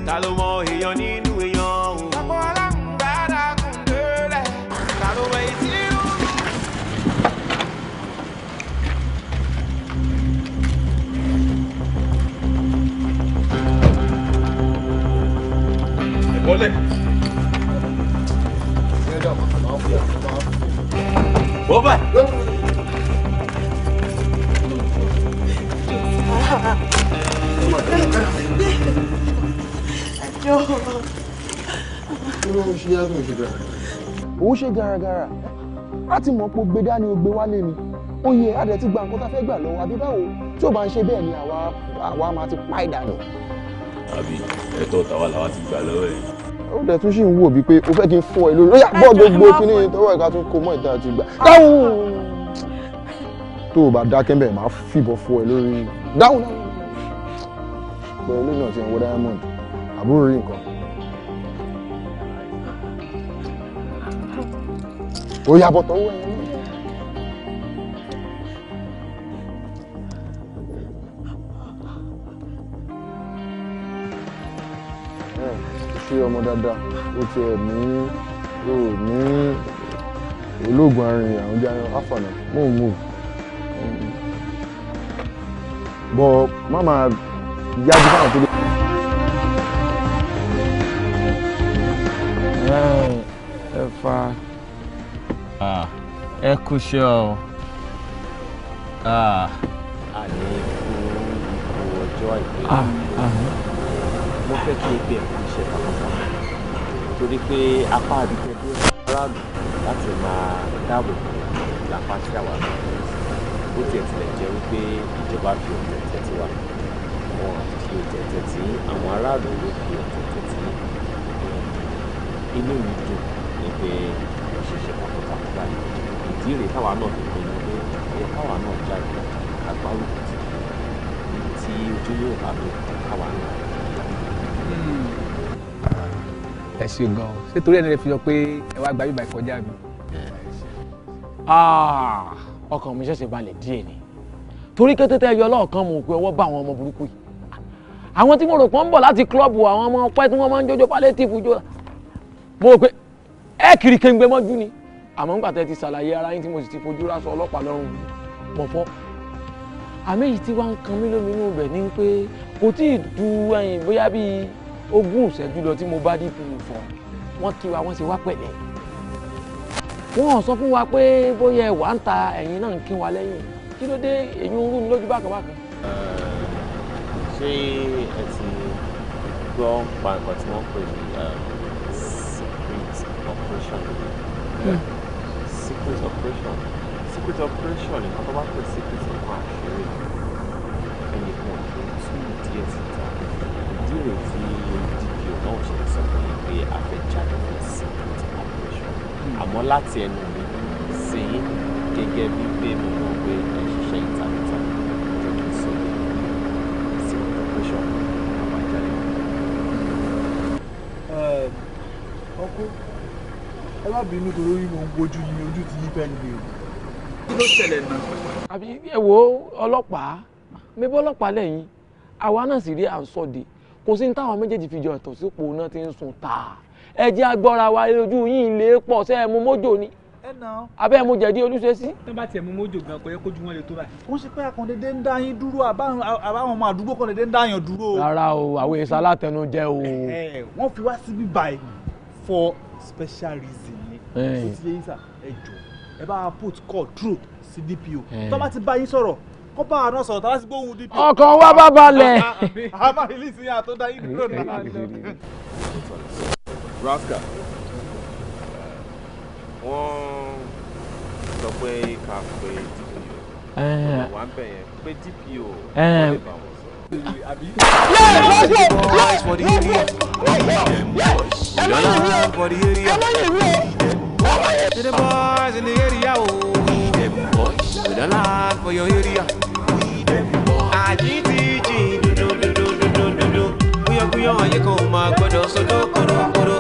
ta ló mọ èèyàn nínú. Ó vai! Ó ṣe garagara. A mọ̀ pé gbé dání ogbe wálé ni. Ó yẹ adẹ̀ ti gba nǹkan tá fẹ́ gbà lọ́wọ́ àbí báwo tí ó bá ń ṣe bẹ́ẹ̀ ni àwa máa ti pa ìdànù. Àbí ẹ̀tọ́ tàwa làwa ti gbà lọ́wọ́ ẹ̀ ó dẹ̀ tún ṣì ń wò bíi pé o fẹ́ kí n fọ́ ẹ lórí lóyà bọ́ gbogbo kíní tọwọ́ ìka tún kó mọ́ ìta àti ìgbà ah. dáhùn tó o bá dákẹ́ bẹ́ẹ̀ máa fìbọn fọ́ ẹ lórí dáhùn pẹ̀lú náà ti ń wọ diamond àbúrò rí nǹkan. ó yà bọ̀ tọwọ́ ẹ ṣe ọmọ dáadáa ó ti ẹ̀ ní ó ní olóògùn arìnrìn àrùn jáde àfànà mò move bọ́ mama, máa yájú fáwọn tó lè. ẹ fa ẹ kú ṣe ọ àní ikú ikú ọjọ́ àìpẹ́ mo fẹ́ kí n bẹ̀rù ṣe pátápátá torí pé apá àdìgbẹ́ dé aráàlú láti máa dáàbò bò lápá tí àwa lọ bó tiẹ̀ tilẹ̀ jẹ́ wípé ìjọba fi ọ̀tẹ̀ tẹ́tí wa wọn fi ọ̀tẹ̀ tẹ́tí àwọn aráàlú ló fi ọ̀tẹ̀ tẹ́tí inú mi dùn ní pé ṣiṣẹ́ pátápátá báyìí ìdí rèé táwa náà fi pinnu pé ẹ̀yẹ káwa náà jáde agbárùkù tí ojúlówó bá lò káwa náà. ẹ ṣeun gan o ṣé torí ẹni rẹ fi hàn pé ẹ wá gba bíbá ìkọjá mi. Ah, ọkàn mi ṣẹ̀ṣẹ̀ balẹ̀ díẹ̀ ni torí kété tẹ́ ẹ yọ lọ́ọ̀kan mo pé ọwọ́ bá àwọn ọmọ burúkú yìí àwọn tí mo rò pé ń bọ̀ láti klọ́ọ̀bù àwọn ọmọ ọpẹ́ tí wọ́n máa ń jójó palliative jó mo rò pé ẹ kiri kéńgbé mọ́jú ni àmọ́ nígbà tẹ́ ti ṣàlàyé ara yín tí mo sì ti fojú ráṣọ ọlọ́pàá lọ́rùn mọ̀ fọ́ àmì yìí tí wàá ń kan mí lóminú rẹ̀ ni pé kò tí ì du ẹyìn bóyá bíi ogún ìṣẹ́jú lọ tí mo bá dp fún wọn kí wa wọ́n ṣe wá pẹ̀lẹ́ wọ́n sọ fún wa pé bóyá ẹ̀wà ń ta ẹ̀yìn náà ń kí wa lẹ́yìn kí ló dé èyí ń rú ni lójú bákan bákan. ṣé ẹ ti gbọ́ pa nǹkan tí wọ́n pè ní um, secret operation hmm. secret operation secret operation nǹkan tó bá pè secret nǹkan àṣírí ẹnìkan kì í tú ìdí ẹ̀ síta ìdí rẹ̀ ti náà ṣe sọ fún mi pé a fẹ́ jáde fún secret operation àmọ́ láti ẹnu mi sí gẹ́gẹ́ bí pé mo mọ̀ pé ẹ ṣiṣẹ́ ìtàkùtà jẹ́ kí n sọ pé secret operation a máa jáde. Hmm. ọkọ ẹ má bínú torí mo ń gbójú ní ojú ti yí pẹ́ẹ́lí mi o. kí ló ṣẹlẹ̀ náà. àbí ẹ wo ọlọ́pàá mi bọ́ ọlọ́pàá lẹ́yìn àwa náà sì rí à ń sọ̀dẹ̀ kò sí ní táwọn méjèèjì fìjọ ẹ̀tọ́ sípò náà ti ń sun tàà ẹ agbọ́ra wa lójú yìí lè pọ̀ sẹ́ ẹ mú mójò ni abẹ́ mo jẹ̀dí olúṣe sí. tó bá tiẹ̀ mú mójò gan kò yẹ kójú wọn lè tó báyìí. wọ́n ṣe pé akọ̀ndédé ń dá yín dúró àbáwọn ọmọ àdúgbò kọ̀ndédé ń dá yàn dúró. rárá o àwọn èso alátẹnujẹ o. wọ́n fi wá síbí báyìí for special reason ni. ó yín sà ẹ jọ ẹ bá put call through sí tó bá ti bá yín sọ̀rọ̀ kó bá àná sọ̀rọ̀ tá a sì gbóhùn dp. ọkàn wa bá balẹ̀. a máa ilé ìsinyìí àtọ́dá yìí dúró náà. wọ́n sọ pé ká pé wà ń bẹ̀ yẹn pé dpo wọ́n lè bá wọn sọ. To the boys in the area, oh, yeah. them boys. Yeah. don't like for your area. Ah àjí ti jì dúdúdúdúdúdúdú kúyọ́kúyọ́ ayé kan máa gbọ́dọ̀ sọjọ́ kórókóró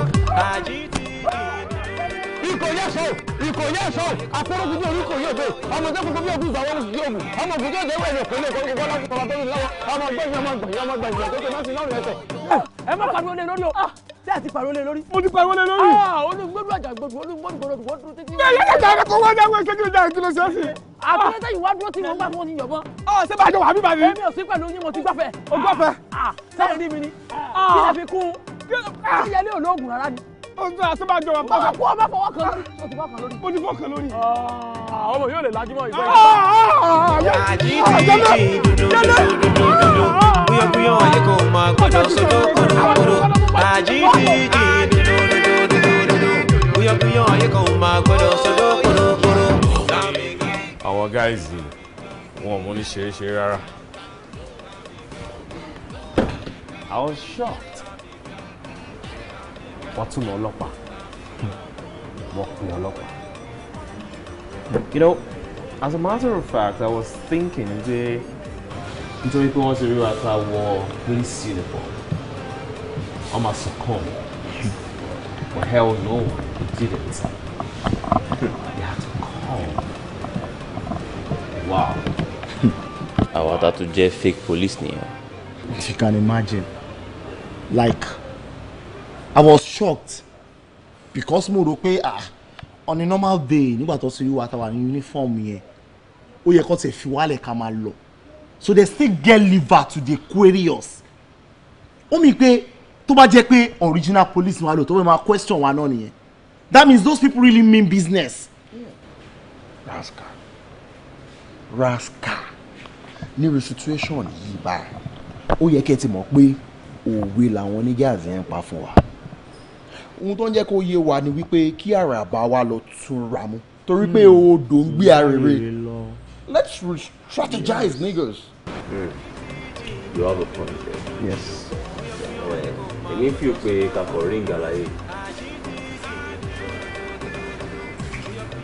àjí ti jì. ìkòyè sọ ìkòyè sọ akóròkùnjú orí kòyè òde ọmọ tó kúkú bí ogún ìsàwọn oṣù tí òmù ọmọ òkùnjú òde wẹ̀rẹ̀ òkèlè kọ́kọ́ bọ́lá ti tọ́lá tóbi lọ́wọ́ ọmọ gbẹ̀yìn ọmọ gbẹ̀yìn ọmọ gbẹ̀yìn tó tó náà sí lọ́rùn ẹsẹ̀. ẹ má pariwo lé lórí o tí a ti pariwo lé lórí. mo ti pariwo lé lórí. olùgbòdù àjàgbòdù olùgbòdù gbòdù gbòdù títí. bẹ́ẹ̀ ni ẹ̀ka ẹ̀ka kó wọ́n dáwọ́ ìṣẹ́jú ìdá ìtúlọ̀ṣẹ́sì àtúntẹ̀ yìí wá dúró tí mo ń bá fún oníyàn bọ́. ọ ṣé bá a jọ wà bí bàbí. èmi ò sí pẹ̀lú yín mo ti gbọ́fẹ̀. o gbọ́fẹ̀. sẹ́yìn rí mi ni kí lè fi kún un yẹlé olóògùn rárá ni. o tún àṣẹ bá a jọ wà pọ̀. kó o bá fọwọ́ kan lórí. o ti fọ́ kan lórí. àwọn ọmọ yóò lè lajúmọ́ ìgbẹ́ kúyọ̀kúyọ̀ ayé kò máa gbọ́dọ̀ sọ́dọ̀ kúrúkúrú àjíǹdíjì dúdú àwọn gáìsì wọn ò mú ní ṣeréṣeré rárá. I was shocked. Wọ́n tún lọ ọlọ́pàá. Wọ́n pè ọlọ́pàá. You know, as a matter of fact, I was thinking pé nítorí pé wọ́n ti rí wa ká wọ police uniform, wọ́n máa succumb. But hell no, he didn't. He had to come wow. àwa ta to jẹ́ fake police nìyẹn. if you can imagine like i was shocked because mo rò pé ah on a normal day nígbà tó ti wá tàwa ní uniform here. ó yẹ kó tẹ̀ fi wálẹ̀ ká máa so they still get liver to the query us ó mi pé tó bá jẹ́ original police wa lò my question wa on here. that means those people really mean business. Yeah. That's good rascal nírú situation yìí báyìí ó yẹ kẹ́ ti mọ̀ pé òwe làwọn onígáàzì ń pa fún wa ohun tó ń jẹ́ kó yé wa ni wípé kí àràbà wa lọ túnra mú torí pé hmm. odò ń gbé arèrè let's strategize yes. niggas. Mm. you have a point there. yes. èmi fi pé kakọ̀ ring àlàyé.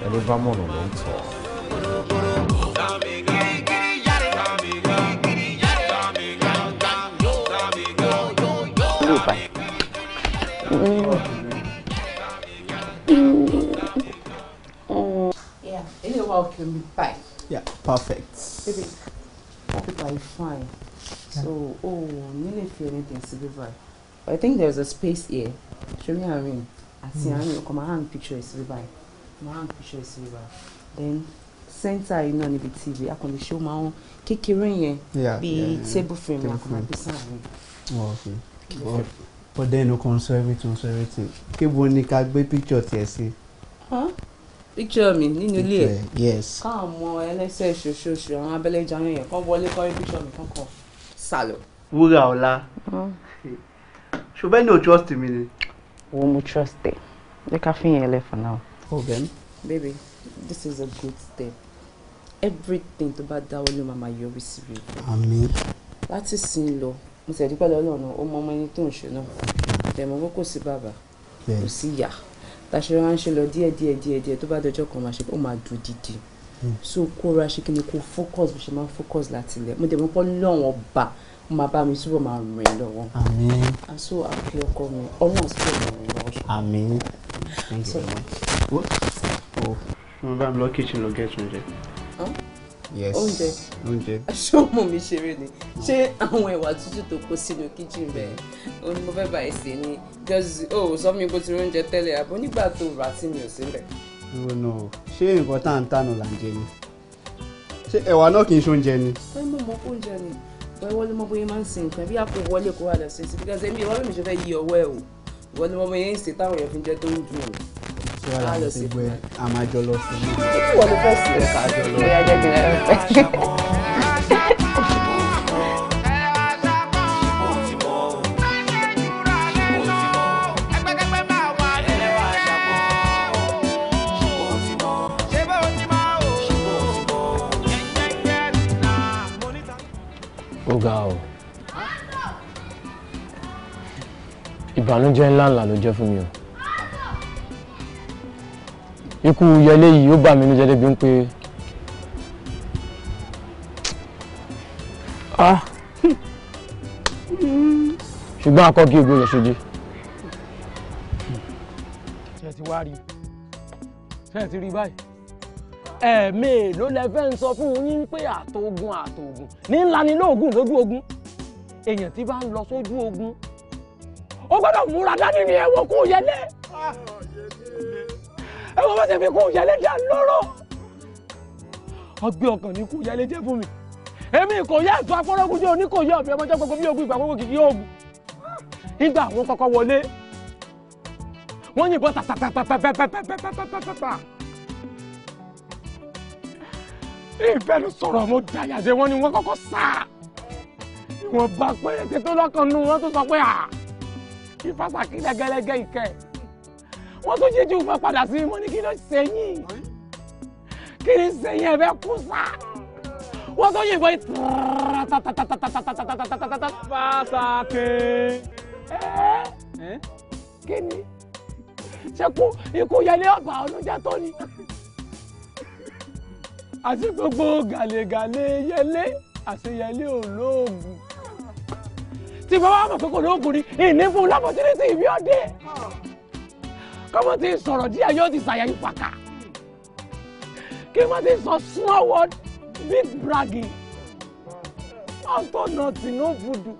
ẹni bá mọ̀nà ló ń tọ̀ can be fine. Yeah, perfect. Baby, Africa is fine. So, oh, nearly feel anything silver. But I think there's a space here. Show me a ring. I see mm. her ring. Come, on, hand picture is silver. My hand picture is silver. Then center iná níbi tv a kò lè ṣe ó máa ń kékeré yẹn bíi table frame a kò máa gbé sáàrin. Oh, but then o kàn sọ kébo ni ká gbé picture tiẹ̀ sí. picture mi nínú ilé ẹ̀ káwọn ọmọ ẹlẹ́sẹ̀ ṣoṣooṣù àwọn abẹ́lẹ́ ìjà yẹn kọ́ wọlé kọ́ rí picture mi kankan sálọ. wúrà ọ̀la mm. ṣùgbọ́n ní o trust mi ni. wo mo trust ẹ jẹ́ ká fi yẹn lẹ for now. oh baby this is a good step everything tó bá dáwọ́ ló máa máa yọrí sí rẹ̀. àmín. láti sìn lọ mo tẹ̀lé pẹ̀lú ọlọ́run ó mọ ọmọ ẹni tó ń ṣe náà tẹ̀mọ́ pé kò sí bàbá kò sí ìyá tàṣẹ wa ń ṣe lọ díẹ̀ díẹ̀ díẹ̀ díẹ̀ tó bá dọjọ́ kan máa ṣe ó máa dùn dídì hmm. so kó ra ṣe kí ni kó focus bó ṣe máa focus láti ilẹ̀ mo dẹ̀mọ́ pọ́ lọ́wọ́n ọba máa bá mi túbọ̀ máa rìn lọ́wọ́. àmín. aṣọ àfi ọkọ mi ọlọ́run sí ọ̀nà rìn lọ́wọ́. àmín. thank you very much. Oh. mo bá mi lọ kitchen lọ get oúnjẹ oúnjẹ oúnjẹ ṣé ọmọ mi ṣeré ni ṣé àwọn ẹ̀wà tútù tó kó sínú kíjìn rẹ̀ ó ní mo fẹ́ bá ẹ̀ sè ni jọ́sí ó sọ mi bó ti rí oúnjẹ tẹ́lẹ̀ àbọ̀ nígbà tó rà sí mi ò sílẹ̀. ìwọ náà ṣé nǹkan tá à ń tànù là ń jẹ ni ṣé ẹ̀wà náà kì í ṣoúnjẹ ni. pé mo mọ oúnjẹ ni ọ̀pọ̀ ẹ̀wọ́ ló mọ bóyá máa ń sin nǹkan bí àpò wọlé kó wà lọ sí i because èmi ìwọ́n mi ṣe fẹ́ yí ọwọ́ ẹ̀ o ìwọ́n ló mọ bóyá ṣe táwọn èèyàn fi sí wàhálà àti gbogbo ẹ a máa jọ lọ sí. wọ́n ló fẹ́ sí ẹ̀ka àjọ lọ. ìyá jẹ́ kí n lẹ́nu fẹ́. ga o ìbànújẹ́ ńláńlá ló jẹ́ fún mi o ikú yẹlé yìí ó bà mí ní jẹ́dẹ́bí ń pé ah. ṣùgbọ́n akọ́kí ògbó yẹn ṣojú. ṣe ti wá rí ṣe ti rí báyìí ẹ̀ẹ̀mí ló lẹ fẹ́ ń sọ fún yín pé àtògùn àtògùn ní ńlá ni lóògùn lójú ogun èèyàn tí bá ń lọ sójú ogun ó gbọ́dọ̀ múra dání ní ẹ̀wọ̀n kó yẹlé ẹ̀wọ̀n bá ṣe fi kú ìyálẹ́jẹ́ lọ́rọ̀ ọgbẹ́ ọkàn ní kú ìyálẹ́jẹ́ fún mi èmi kò yá ìtọ́ afọ́rọ́gùn jẹ́ oní kò yá ọ̀bẹ ọmọjọ́ gbogbo bí ogun ìgbà gbogbo kìkì ogun nígbà àwọn kọ́kọ́ wọlé wọ́n yìnbọn tàtàtàtàtàtàtàtàtàtàtàtà ìfẹ́nu sọ̀rọ̀ mo dàyàjẹ wọn ni wọ́n kọ́kọ́ sá ìwọ̀n bá péréte tó lọ́kàn nù wọ́n tó sọ pé à ìfàsàkí lẹ́gẹ́lẹ́gẹ́ ìkẹ́ wọ́n tún ṣíjú ìfẹ́ padà sí mi mo ní kí ló ṣe yín kí ni ṣe yín ẹ fẹ́ kú sá wọ́n tún yìnbọn yìí tààtàtàtàtàtàtàtàtàtàtàtà. pàtàkì. kí ni ṣé kú ikú yẹlé ọba ọlọ́jà tó ni àti gbogbo gàlégàlé yẹlé àti yẹlé olóògùn tí bàbá àmọ̀ pé kò lóògùn ni ìní fún lápọ̀tínítì ìbí ọdẹ kọ́mọ ti sọ̀rọ̀ díẹ̀ yóò ti ṣàyẹ̀ ìpàkà kí wọ́n ti sọ small word big bragging ọ̀tọ̀ náà ti ní òfudu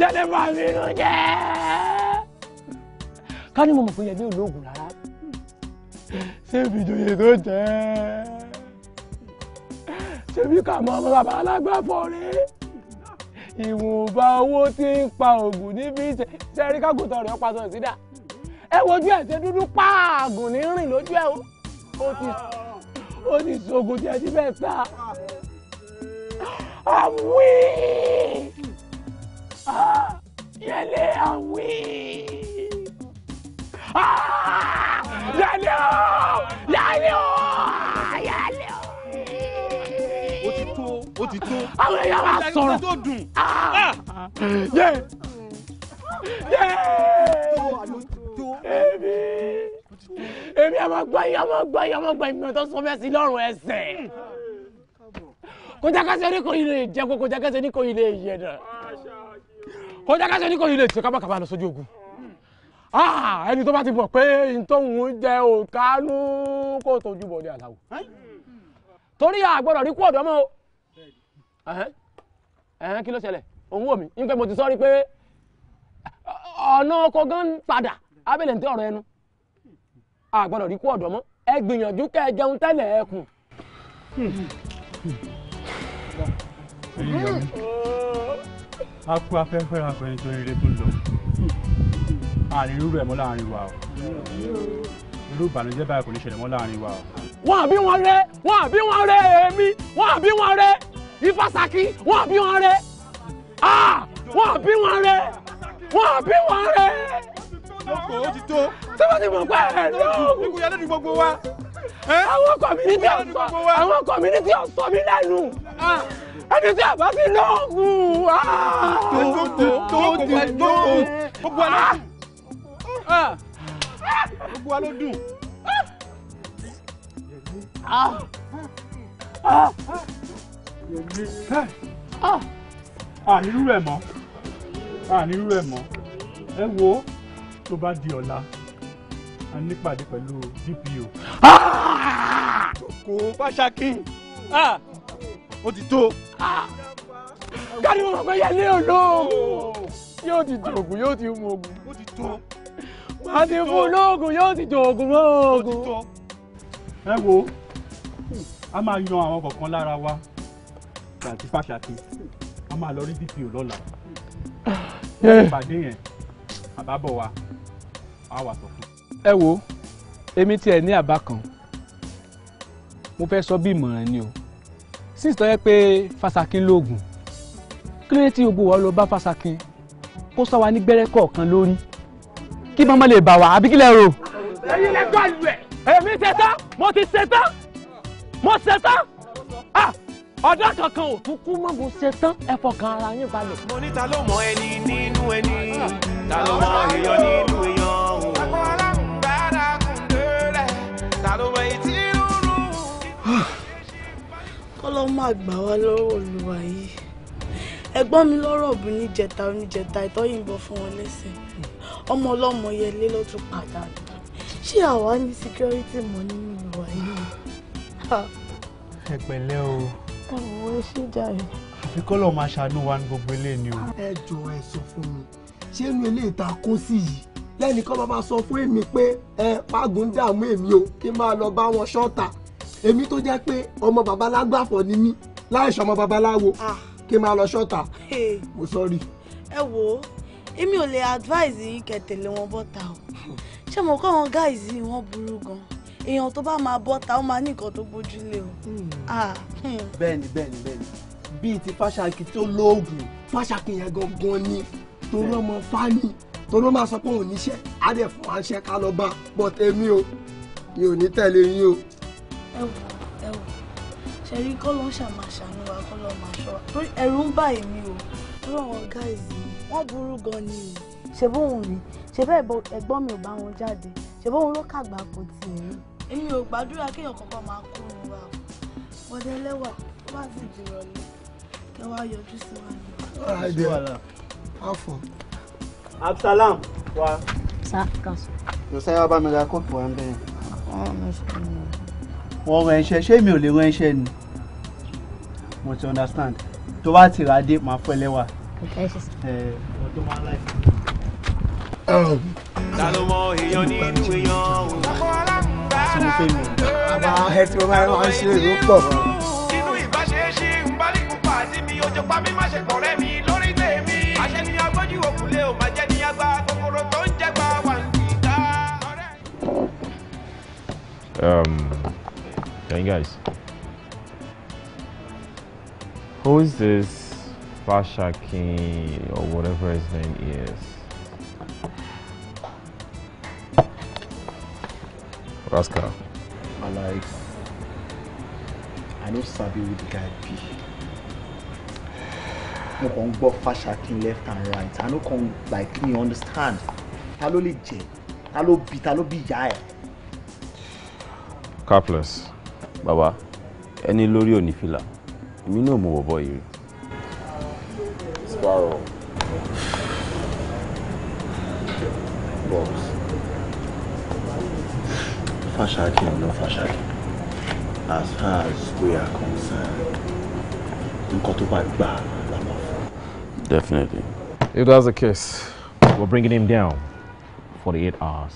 yẹ́nì máa mi inú jẹ́ ká ní mo mọ̀ pé yẹ̀mí ò lóògùn rárá ṣé ìbìjòyè tó jẹ́ ṣé bí kà mọ́ ọmọ bàbá alágbàfọ̀ rèé ìwọ̀nba owó tí ń pa ògùn níbi ìṣe ṣe rí kágùntàn rẹ̀ pàṣọ ìsídà ẹ wojú ẹ̀ ṣe dúdú páàgùn ní rìn lójú ẹ̀ o ó ti ṣoògùn tí ti fẹ́ ta àwí ah! yẹlé àwí ah! yẹlé o yẹlé o ah! yẹlé o ó ti tó. àwọn èèyàn máa sọ̀rọ̀ tó dùn. Ah. Ah. yé yé èmi èmi àmọ́ gbọ́ yìí àmọ́ gbọ́ yìí àmọ́ gbọ́ yìí mi ò tó sọ fẹ́ sí lọ́rùn ẹsẹ̀ kọjá kásẹ̀ ní kò yìí lè jẹ́ kó kọjá kásẹ̀ ní kò yìí lè yẹ dà kọjá kásẹ̀ ní kò yìí lè tẹ kábàkàbà lọ sójú ogun ah, ẹni tó bá ti bọ̀ pé ntòhún jẹ òkánú kó tó jùbọ̀ ní àlàó torí àgbọ̀dọ̀ rí kú ọ̀dọ́ mọ́ o ẹ̀hẹ́n kí ló ṣẹlẹ̀ òun wò mí nígbà mo ti sọ rí pé ọ̀nà ọkọ̀ gan ń padà abẹ́lẹ̀ ń tẹ́ ọ̀rọ̀ ẹnu àgbọ̀dọ̀ rí kú ọ̀dọ̀ mọ́ ẹ gbìyànjú kẹ́ ẹ jẹun tẹ́lẹ̀ ẹ kù. a kú afẹ́fẹ́ ránpẹ́ nítorí eré tó lọ àárín irú rẹ̀ mọ́ láàrin wa o irú ìbànújẹ́ báyìí kò ní ṣẹlẹ̀ mọ́ láàrin wa o. wọn àbí wọn rẹ wọn àbí wọn rẹ èmi wọn àbí wọn rẹ. Ifásakí wọn àbí wọn rẹ wọn àbí wọn rẹ wọn àbí wọn rẹ. ọkọ ó ti tó. sọ́wọ́n ti mọ̀ pé ẹ̀ ló. ikú yẹn lẹ́nu gbogbo wa. àwọn community ọ̀sọ́ àwọn community ọ̀sọ́ mi lẹ́nu. ẹni tí a bá ti lóògùn. tó ti tó ti tó gbogbo wa ló dùn. gbogbo wa ló dùn ànírú ah! ah, rẹ̀ mọ́ ànírú ah, rẹ̀ mọ́ ẹ wo tó bá di ọ̀la a nípàdé pẹ̀lú DPO. kò fàṣàkì ó ti tó kárí mo mọ̀ pé yẹn lé olóògùn yóò ti dògùn yóò ti mú oògùn. ó ti tó a ti fún olóògùn yóò ti dògùn mọ́ oògùn. ẹ wo a máa yan àwọn kọ̀ọ̀kan lára wa àti fàṣàkì a máa lọ rí dpo lọ́la ìpàdé eh. yẹn àbábọ̀ wa a wà sọ fún. ẹ wo èmi tiẹ̀ ní àbá kan mo fẹ́ sọ bí ìmọ̀ràn ni o sísè yẹ pé fàṣàkì lóògùn kí ló dé tí gbogbo wa lọ bá fàṣàkì kó sọ wa ní gbẹ́rẹ́ kọ̀ọ̀kan lórí kí màmá lè bà wá àbí kí lẹ rò. ẹ̀yin lẹjọ ìlú èmi ṣetán mo ti ṣetán mo ṣetán ọ̀dọ́ kankan ò tún kú mọ́ mo ṣe tán ẹ fọkàn ara yín balẹ̀. mo ní ta ló mọ ẹni nínú ẹni ah. ta ló mọ èèyàn nínú èèyàn o. àpọ̀lá ń bára délẹ̀ ta ló mọ etí rúru. kọ́lọ́ máa gbà wá lọ́wọ́ olùwà yìí ẹ̀gbọ́n mi lọ́rọ̀ ọ̀bùn níjẹta oníjẹta ìtọ́ yìnbọn fún wọn lẹ́sẹ̀ ọmọ ọlọ́mọ yẹlé ló padà ṣé àwa ní security mọ́ nínú ìwà yìí. ẹ pẹ̀lẹ́ o ẹ̀wọ̀ ẹ ṣe àfi kọ́ lọ́ọ́ máa ṣàánú wa ní gbogbo ilé ni o. ẹ jọ ẹ sọ fún mi ṣé inú ilé ìta kó sí yìí lẹ́nìkan bá máa sọ fún èmi pé ẹ mágùn dààmú èmi o kí n máa lọ bá wọn ṣọ́ọ̀tà èmi tó jẹ́ pé ọmọ babalágbàfọ̀ ni mí láìsọ ọmọ babaláwo ah. kí n máa lọ ṣọ́ọ̀tà mo sọ́ọ̀rì. ẹ wo èmi ò lè advise yín kẹ́ wọn bọ́ta o ṣé mo kọ́ àwọn guys yìí burú gan-an èèyàn tó bá máa bọ́ta ó máa ní nǹkan tó gbójúlé o. Hmm. Ah, hmm. bẹ́ẹ̀ni bẹ́ẹ̀ni bẹ́ẹ̀ni bíi ti fáṣákì tó lóògùn fáṣákì yẹn gangan ni torí ọmọ fani torí ó sọ pé òun níṣẹ́ á dẹ̀ fún àṣẹ ká lọ bá bọ́ tèmi o mi ò ní tẹ̀lé yín o. ẹ wò ẹ wò ṣẹ̀rí kọ́ ló ń ṣàmàṣàánú wa kọ́ ló máa ṣọ́ wa torí ẹ̀rù ń bà èmi o lọ́wọ́ àwọn guys yìí wọ́n burú gan ni ṣe bóun rí ṣe bẹ́ẹ̀ ẹ̀gbọ́n mi ò bá wọn jáde ṣe bóun ló kàgbà kò tiẹ̀ èmi ò gbàdúrà kéèyàn kankan máa kó o wa o bọ́dẹ ó bá sì dìrọ̀ ni kẹ yọjú sí wa ni. ọ̀rẹ́dẹ̀ afọ. Absalam wa. sa kanṣu. josiah bá mi ra kóòtù wa ń bẹ̀rẹ̀. wọ́n rán iṣẹ́ ṣé mi ò lè rán iṣẹ́ ni mo ti understand tó bá ti ràdé máa fẹ́ lẹ́wà. Um, ta ló mọ èèyàn nínú èèyàn òun fún fèmí àwọn ẹ tí wọ́n máa ń ṣe èrò pọ̀. inú ìbáṣe ṣí ń bá ní àti mi ojú pa mí má ṣe tọ̀rẹ́ mi lórí tèmi. àṣẹ ni agbójú òkúlé ò máa jẹ́ ní agbá kòkòrò tó ń jẹgba wà ní ìta. Hey guys, who is this Fashakin or whatever his name is? Rascal. Alaric, I don't sabi with the guy be. No kàn ń gbọ́ left and right. I no kàn like me understand. Ta ló lè jẹ? Ta ló bí? Ta ló bí ìyá ẹ̀? Capless. Bàbá, ẹni lórí ò ní fìlà. Èmi mo wọ̀ Sparrow. Box. Fashaki or Fashaki, as far as we are concerned, tó Definitely. If that's the case, we're bringing him down for the eight hours.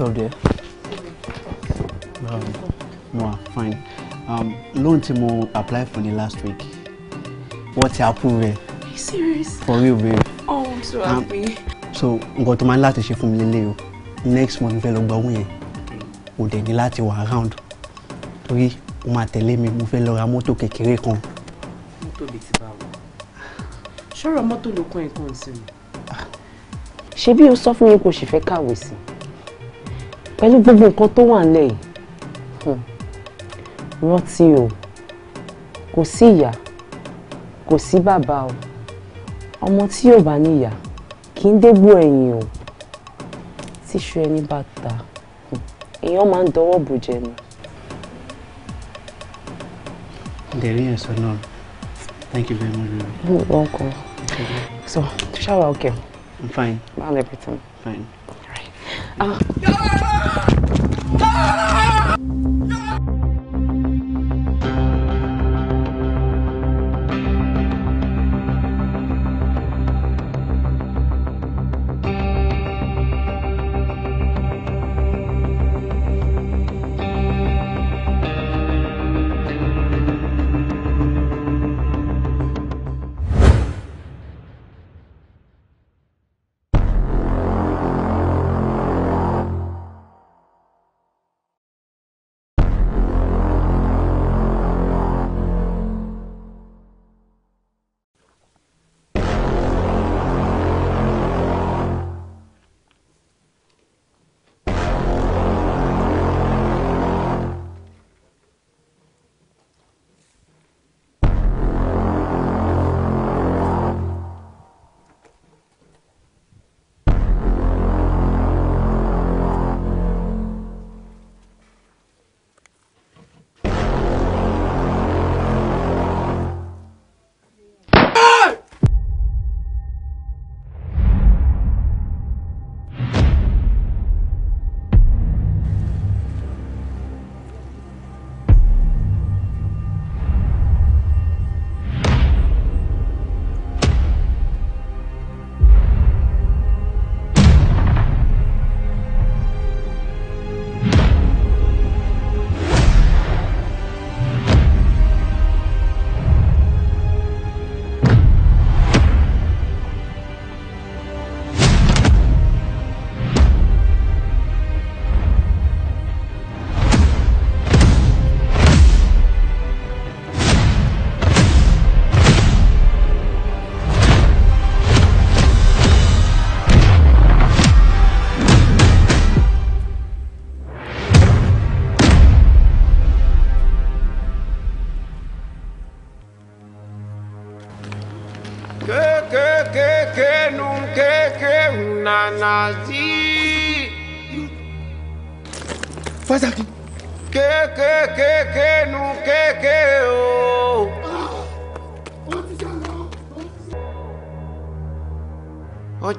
up there? Um, no, fine. Um, loan tí applied for the last week. Wọ́n ti approve Are you serious? For real, babe. Oh, I'm so um, happy. Um, so, nǹkan tó máa ń láti ṣe fún mi Next month, fẹ́ lọ gba owó yẹn. O dẹ̀ ní láti wà around. Torí o máa tẹ̀lé mi, mo fẹ́ lọ ra mọ́tò kékeré kan. Mọ́tò bíi ti báwo? Ṣọ́rọ̀ mọ́tò ló kọ́ ẹ̀kan sí mi. Ṣebí o sọ fún mi kò sì fẹ́ kàwé sí i? pẹ̀lú gbogbo nǹkan tó wà nílẹ̀ yìí hmm. rántí o kò sí ìyá kò sí bàbá o ọmọ tí yóò bá níyà kì í dégbò ẹ̀yìn o tíṣu ẹni bá ta hmm, èèyàn máa ń dọwọ́ bòjẹ́ ni. dẹ̀rí yẹn sọ náà thank you very much. Hmm, you're welcome. so tushara okay. i'm fine. all everything. fine. all right. Uh, ああ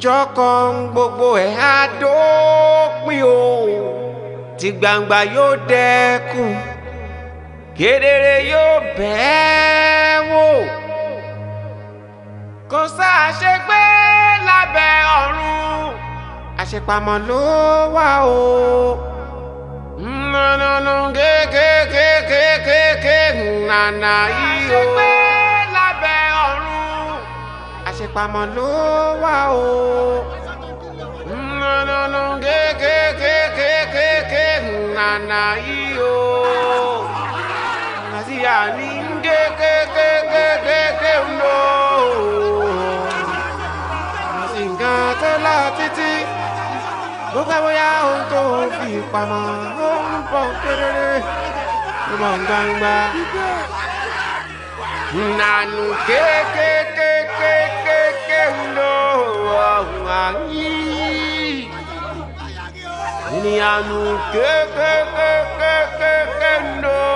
ọjọ́ kan gbogbo ẹ̀ á dópin o tí gbangba yóò dẹ́kun kedere yóò bẹ́ẹ̀ wò kò sáàṣegbé lábẹ́ ọ̀run àṣepamọ́ ló wà o. nananu kékékékékéké nana yìí o. àṣegbé àṣepamọ́ ló wà o. nánà kékékékékéké nánà yìí o. nàìjíríà ní kékékékékéké ló. nǹkan tó lọ títí gbogbo bóyá ohun tó fi pamọ́ ó ń bọ̀ kedere ó bọ̀ gbangba nanu kekekekeke ndo wangi nanu kekekekeke ndo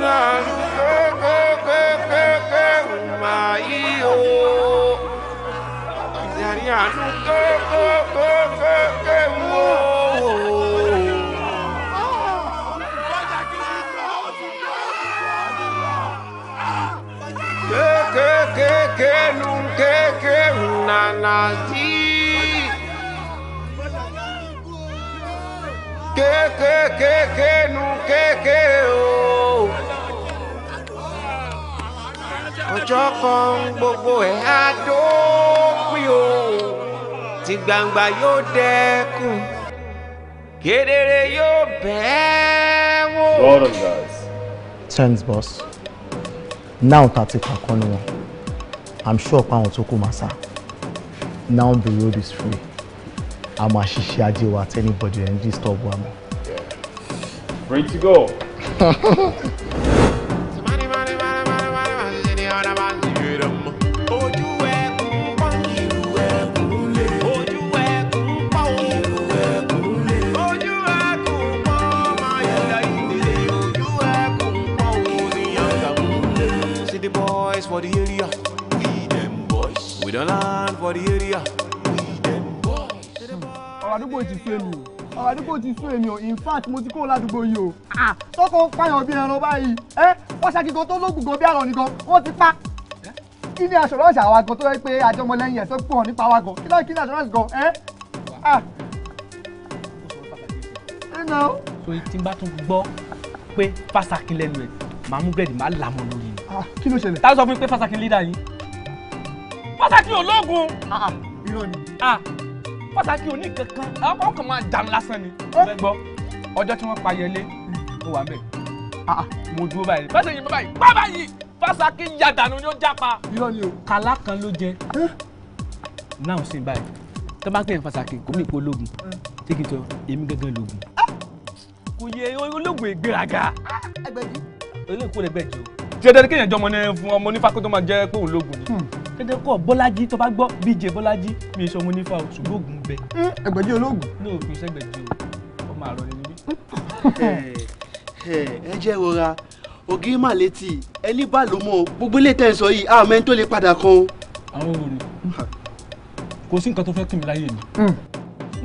nanu kekekekeke maiyo nanu kekekekeke wo. kéékèèké lu kéékè nana sí. kéékèèké nu kéékè o. ọjọ́ kan gbogbo ẹ̀ á dópin o tí gbangba yóò dẹ́kun kedere yóò bẹ́ẹ̀ wò. Turns boss now tá a ti kàn i'm sure pé àwọn tó kù máa sá now the road is free a máa ṣiṣẹ́ ajé wa tẹ́ anybody ẹ̀ ń disturb wa mọ́. ready to go. don land for the area. ọ̀rọ̀ àdúgbò ti sú èmi o ọ̀rọ̀ àdúgbò ti sú èmi o in fact mo ti kó ládùúgbò yìí o tọkọ pààyàn bíi ẹran báyìí ẹ wọ́n ṣàkíkan tó lóògùn gan bí àrùn nìkan wọ́n ti pa kí ni assurance àwa gan tó yẹ pé àjọmọlẹ́yìn ẹ̀ tó pọ̀ nípa wa gan kí ló kí ni assurance gan ẹ. so tí n bá tún gbọ́ pé fásakín lẹ́nu ẹ̀ màá mú bẹ́ẹ̀dì màá làmọ́ lórí ni. kí ló ṣẹlẹ̀. táwọn sọ fún mi pé fásakín lídà yìí pàtàkì ológun. irọ́ ni. pàtàkì oníkankan àwọn kan máa dàm lásán ni. ọ̀rẹ́ gbọ́ ọjọ́ tí wọ́n pa yẹlé ó wà mẹ́ mo dúró báyìí bá ṣe yìnbọn báyìí bá báyìí fásakí yàdànù ni ó jápa. irọ́ ni o. kàlá kan ló jẹ náà ń sìn báyìí tó bá pè é fásakí kò ní ìpológun tí kì í sọ èmi gangan lògùn. kò yẹ ológun ìgbéraga. ẹgbẹ́ mi. ológun kò lè gbẹ́jọ. ṣé dandan kéèyàn jọ ọmọ ní fún ọmọ onífàkótó máa jẹ́ pé òun lògùn ni. Hmm dédé kọ́ bọ́lájí tó bá gbọ́ bíjẹ bọ́lájí mi ì sọmọ nífà o ṣùgbọ́n ògùn bẹ. ẹgbẹ̀jì olóògùn. ní òfin sẹ́gbẹ̀jì o ó máa rọ ní níbí. ẹ jẹ́ rọra ògì má létí ẹlí bá ló mọ gbogbo ilé tẹ̀ ń sọ yìí àmọ́ ẹni tó lè padà kan. àwọn òòrùn kò sí nǹkan tó fẹ́ kí mi láyé ni. Hmm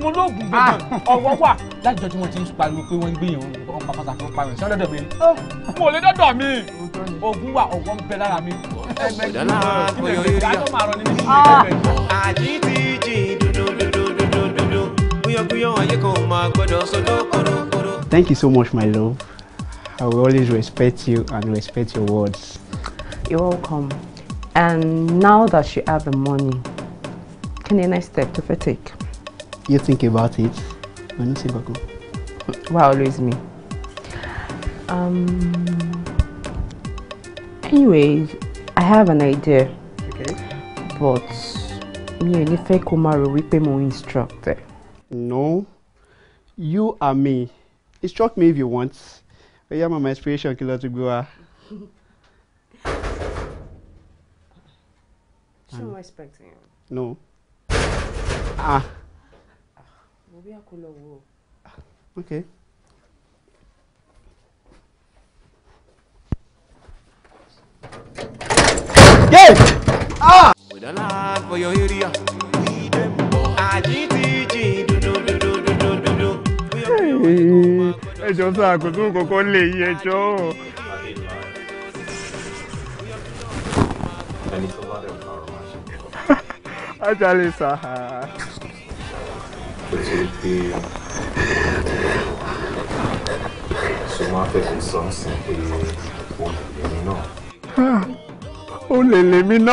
mo lóògùn gbọ̀ngàn ah. ọ̀wọ́ wà láti tí wọ́n ti ń pariwo pé wọ́n ń gbìyànjú ọ̀hún pàpàtà tó pariwo sí ọ̀dọ̀ mi. Ah, mo lè dọ́dọ̀ mi ogun wà ọ̀wọ́ ń bẹ lára mi. Ah. Thank you so much, my love. I will always respect you and respect your words. You're welcome. And now that you have the money, can you next step to take? you think about it when you see Baku? Why always me? Um. Anyways, I have an idea. Okay. But me and Ife fẹ́ kó pay rò instructor. No, you are me. Instruct me if you want. Oya yeah, mama inspiration kí to tún gbé wá. Ṣé o respect him? No. Ah wo bí àkó lọ wò ok. Yeah. Ah. sọ àkótó kọ̀ọ̀kan lè yí ẹjọ́. Ajá lè sàá ṣe máa fẹ́ fi sọ ń sìn pé olè lèmi náà. olè lèmi man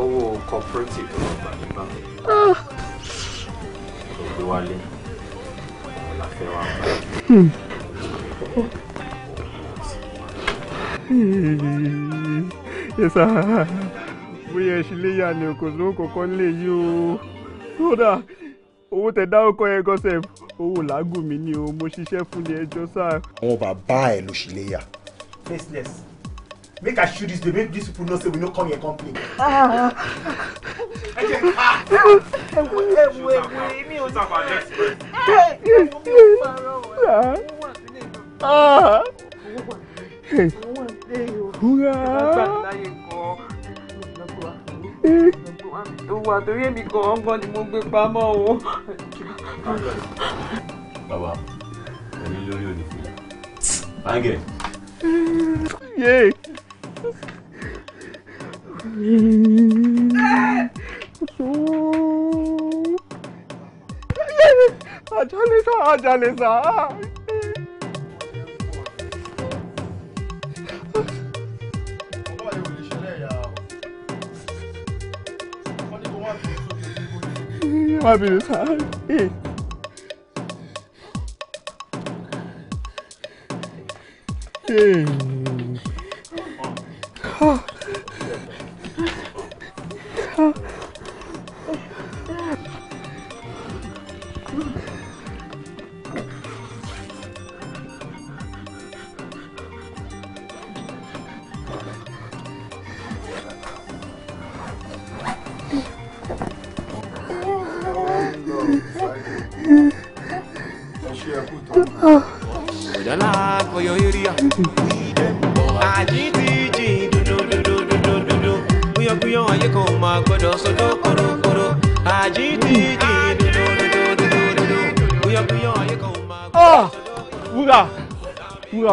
owó cooperative ló gbà ní báyìí kò gbé wálé àwọn làfẹ́ wa gbà. Yes, sir bóyá ẹ ṣe léyà ni kò sówó kankan lè yí o kódà owó tẹ dá ọkọ yẹn gọsẹ owó làágùn mi ni o mo ṣiṣẹ́ fún ni ẹjọ́ sáà. àwọn bàbá ẹ ló ṣe léyà. faceless make i shoot this baby make these people know say we no come here complain. ewu ewu ewu mi ò sí. Hurrah! tó wà torí èmi gangan ni mo gbé pamọ́ o. bàbá ẹni lórí òní fún mi báńgẹ. Ajalesa, ajalesa. ẹ má bèrè sáà. Hey. Oh. Oh.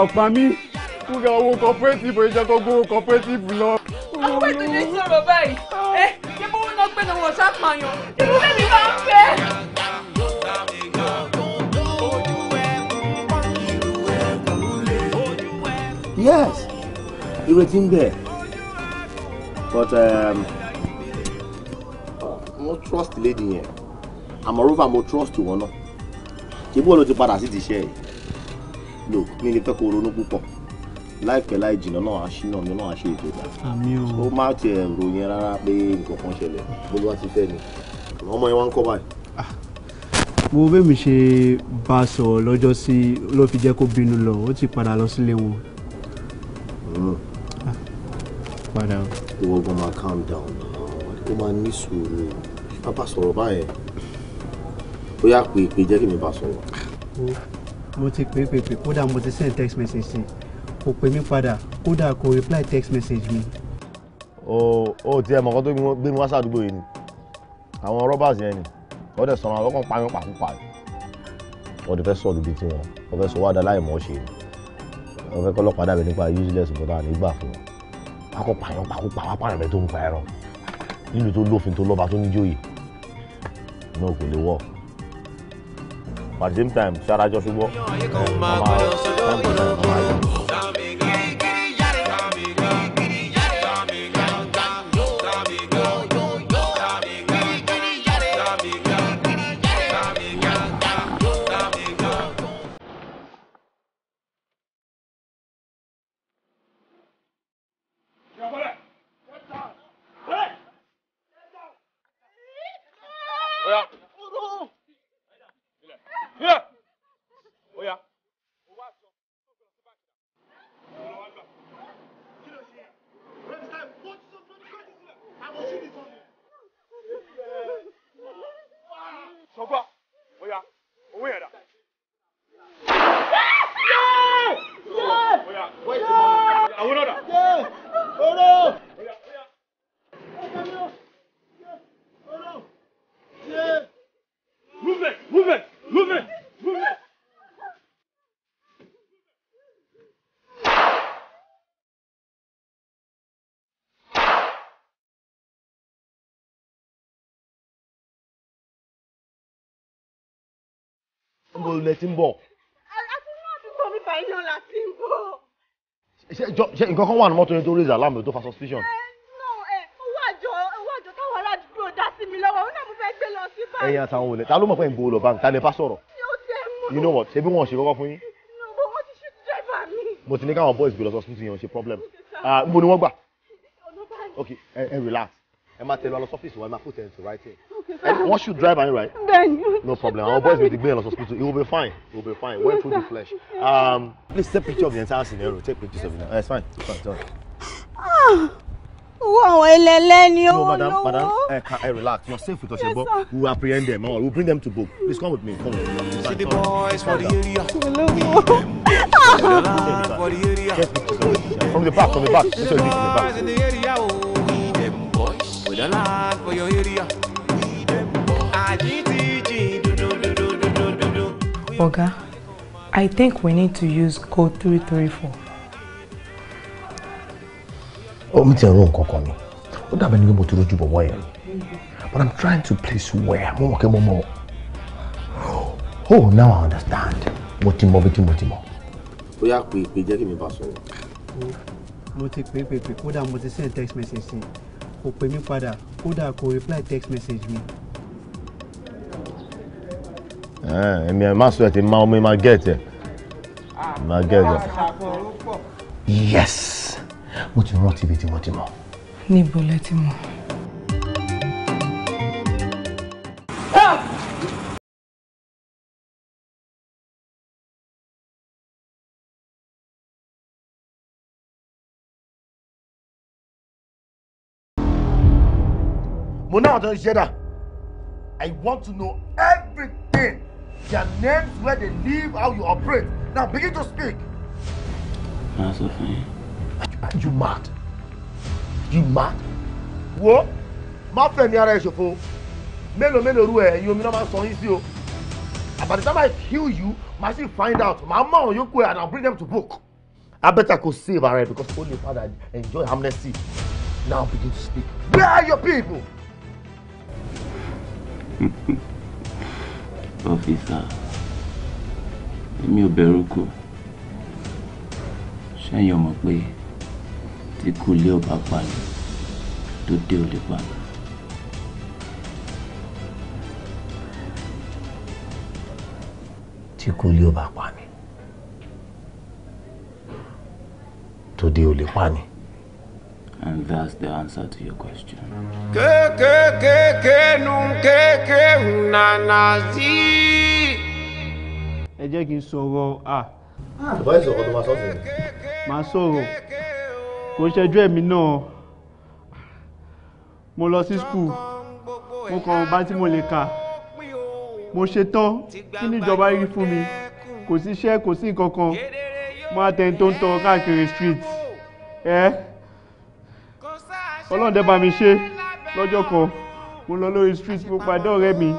ọ̀pá mi kó ga owó cooperative ìṣe kó gbówó cooperative lọ. àwọn ètò ní sọ̀rọ̀ báyìí ẹ ah. eh, ṣé bó wọn náà náà wọn ṣàpàyàn ìlú bẹ́ẹ̀ mi bá ń fẹ́. yes ìrètí ń bẹ but um, ah, mo um, trust lady yẹn àmọ́ rover mo trust wọn náà ṣé bí wọn ló ti padà sí ti ṣe yìí lò mí ní fẹ́ kó ronú púpọ̀ láìpẹ́ láì jìnnà náà àṣìnà mi náà àṣe ètò ìgbà ó má tiẹ̀ ròyìn rárá pé nǹkan kan ṣẹlẹ̀ bólúwa ti fẹ́ ni ọmọ yẹn wá ń kọ́ báyìí. Ah, mo bẹ́ẹ̀ mi ṣe bá a sọ̀rọ̀ lọ́jọ́ sí ló fi jẹ́ kó bínú lọ ó ti padà lọ sílé wọn. Hmm. Ah, padà. ìwọ gan máa calm down ó máa ní sùúrù bàbá sọ̀rọ̀ báyẹn ó yà pé ìpè jẹ́ kí mi bá sọ̀rọ̀. Ah, mo ti pè pè pè kódà mo ti send text message sí kò pè mí padà kódà kò reply text message mi. o o tiẹ̀ mọ̀ kó tó gbé mi wá sàdúgbò yìí ni àwọn robbers yẹn ni wọ́n dẹ̀ sọ̀rọ̀ àwọn kan pa mí pàkúpà ni wọ́n ti fẹ́ sọ̀rọ̀ bíi tiwọn wọ́n fẹ́ sọ wá da láì mọ̀ ṣe ni wọ́n fẹ́ kọ́lọ́pàá dàbí nípa useless bọ́tà nígbà fún wọn wọ́n kọ́ pààyàn pàkúpà wọ́n pààyàn bẹ́ẹ̀ tó ń pa ẹran nílùú tó lófin tó lọ́ba tó níjóyè náà kò lè wọ́ọ̀kù but at the same time ṣara jọ ṣùgbọ́ Yeah. Yeah. lẹ ti ń bọ̀. àti inú àdúgbò mi báyìí náà la ṣe nǹkan kan wà ní mọ́tò yẹn tó raise alarm tó fa suspicion. Eh, eh, ẹ̀yin àtàwọn olè ta ló mọ̀ pé ń bo lọ báńkì bá sọ̀rọ̀. you know what ṣe bí wọn ò ṣe kọ́kọ́ fún yín. mo ti ní káwọn boys gbé lọ sọ ṣe problem. mo ah, ni wọ́n gbà. ok ẹ relax ẹ máa tẹ̀lé lọ sọ́fíìsì wa ẹ máa put ẹ̀ to right here. And once you drive and right? Then no problem. Our boys will be going to hospital. It will be fine. It will be fine. Went through the flesh. Um, please take picture of the entire scenario. Take pictures of it. Uh, it's fine. It's fine. It's fine. Ah. Owó àwọn No, madam, madam, eh, I, ká relax. You're safe with us, yes, Ebo. We will apprehend them. We'll bring them to book. Please come with me. Come with me. See the boys for the area. From the back, from the back. Let's go from the back. With a lot for your area. Oga, I think we need to use code 334. Omi ti ẹ̀rọ nǹkan kan ni, ó dàbẹ̀ ni pé mo ti rojú bọ̀ wọ́ọ̀yà ni, but I'm trying to place where mo mọ̀ kí mo Oh, now I understand. Mo ti mọ̀ bí tí mo ti mọ̀. Ó yá pé ìpè jẹ́ kí mi bá sọ̀rọ̀. Mo ti pè pè pè kódà mo send text message sí i, kò pè mí padà kódà reply text message Me. Eh, èmi ẹ̀ má sweat ma ọmọ ma get ẹ̀ ma get ẹ̀. yes mo ti rántí ibi tí mo ti mọ̀. níbo lẹ ti mọ̀. mo náà tó ń ṣe dà I want to know everything their names, where they live, how you operate. Now begin to speak. That's so funny. Are you mad? You mad? Wo? My friend, mi ara ẹ̀ ṣòfò. Mélòó mélòó rú ẹ̀ ẹ̀yin omi náà máa sọ yín o. By the time I kill you, màá sì find out. my mọ àwọn yòókù and I'll bring them to book. I better could save ara because only father enjoy amnesty. Now begin to speak. Where are your people? ọ́fíìsà èmi ò bẹ̀rù kù ṣẹ́yìn ọmọ pé tí kú lé ọba pani tó dé ò lè pani. tí kú lé ọba pani tó dé ò lè pani. And that's the answer to your question. Ẹ jẹ́ kí n sọ̀rọ̀ à. Ah, bàbá yìí tó máa sọ́ọ̀sì ni. Màá sọ̀rọ̀. Kò ṣẹ́jú ẹ̀mí náà. Mo lọ sí skul. Mo kàn bá tí mo lè kà. Mo ṣe tán. Kí níjọba rí fún mi? Kò sí iṣẹ́, kò sí nǹkan kan. Mo àtẹ̀ntó ń tọ káàkiri street. eh? ọlọ́run dẹ́ bá mi ṣe lọ́jọ́ kan mo lọ lórí street mo pàdé ọ̀rẹ́ mi.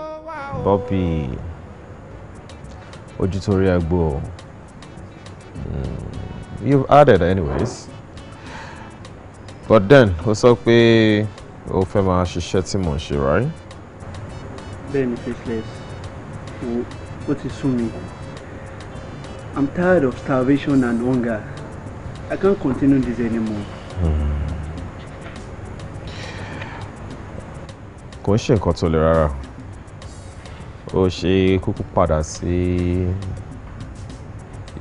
bọ́bí ojú tó rí agbo o hmm, you've added anyways but then ó sọ pé ó fẹ́ máa ṣiṣẹ́ tí mò ń ṣe rárí. bẹ́ẹ̀ ni faceless ó ti sún mi I'm tired of starvation and hunger I can't continue this anymore. Mm. kò ń ṣe nǹkan tó le rárá ó ṣe kúkú padà sí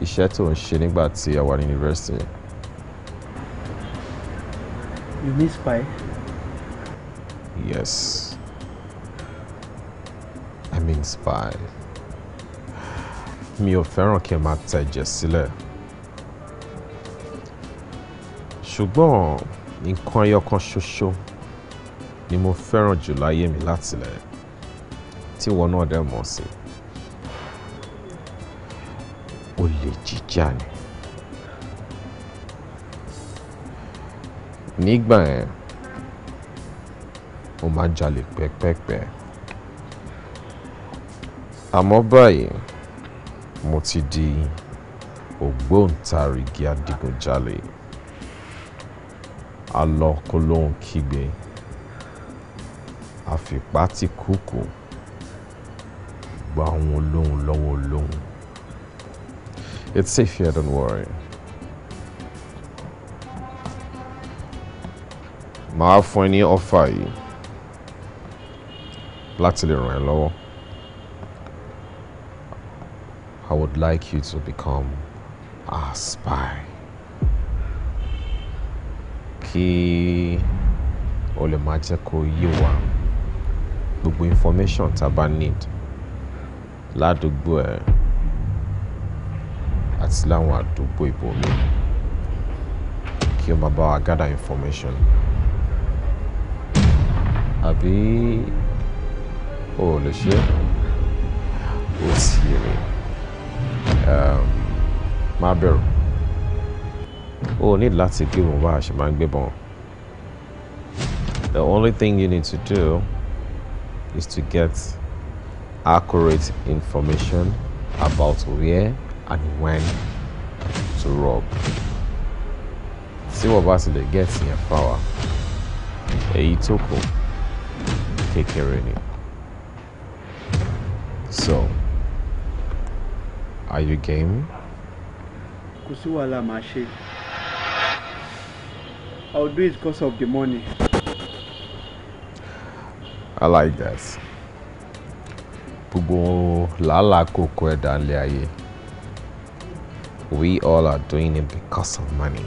iṣẹ́ tó ń ṣe nígbà tí a wà ní yunifásitì. You mean spy? Yes. I mean spy. Mi ò fẹ́ràn kí n máa tẹ̀jẹ̀ sílẹ̀. Ṣùgbọ́n nǹkan ẹyọ kan ṣoṣo ni mo fẹ́ràn jù láyé mi látilẹ̀ tí wọn náà dẹ̀ mọ̀ sí. Olè jíjà ni. Nígbà yẹn, mo máa jalè pẹ́pẹ́pẹ́. Àmọ́ báyìí, mo ti di ògbóǹtarìgì adigunjalè. Alọ́ kígbe fìpá tí kòkò gba ohun olóhun lọ́wọ́ olóhun. It's safe here, don't worry. Màá fún ẹ ní ọ́fà yìí láti lè ràn ẹ́ lọ́wọ́. I would like you to become a spy. Kí o lè máa jẹ́ kó yé gbogbo information tá a need ládùúgbò ẹ̀ àti láwọn àdúgbò ibòmí kí o máa bá wa gather information. Àbí o ò lè ṣe é? sì rè má bẹ̀rù. O ò ní láti gbé wọn bá a ṣe máa ń gbé bọ́n. The only thing you need to do is to get accurate information about where and when to rob. Tí wọ́n bá ti lè get yẹn fáwa, èyí tó kù kékeré ni. So, are you game? Kò sí wàhálà màá ṣe. I will do it because of the money. I like that. Gbogbo lala kòkó ẹ̀dá ilé ayé. We all are doing it because of money.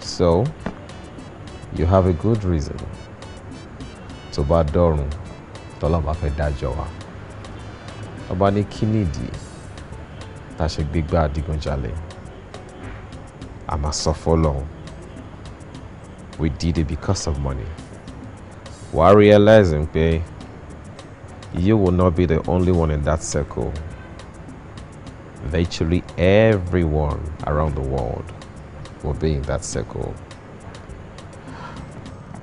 So, you have a good reason. Tó bá dọ̀run, tọ́lọ́mà fẹ́ dájọ́ wa. Ọba ní kí nìdí tá a ṣe gbégbá adigunjalè. A máa sọ fọ́lọ́run. We did it because of money while realizing pé you will not be the only one in that circle. Virtually everyone around the world will be in that circle.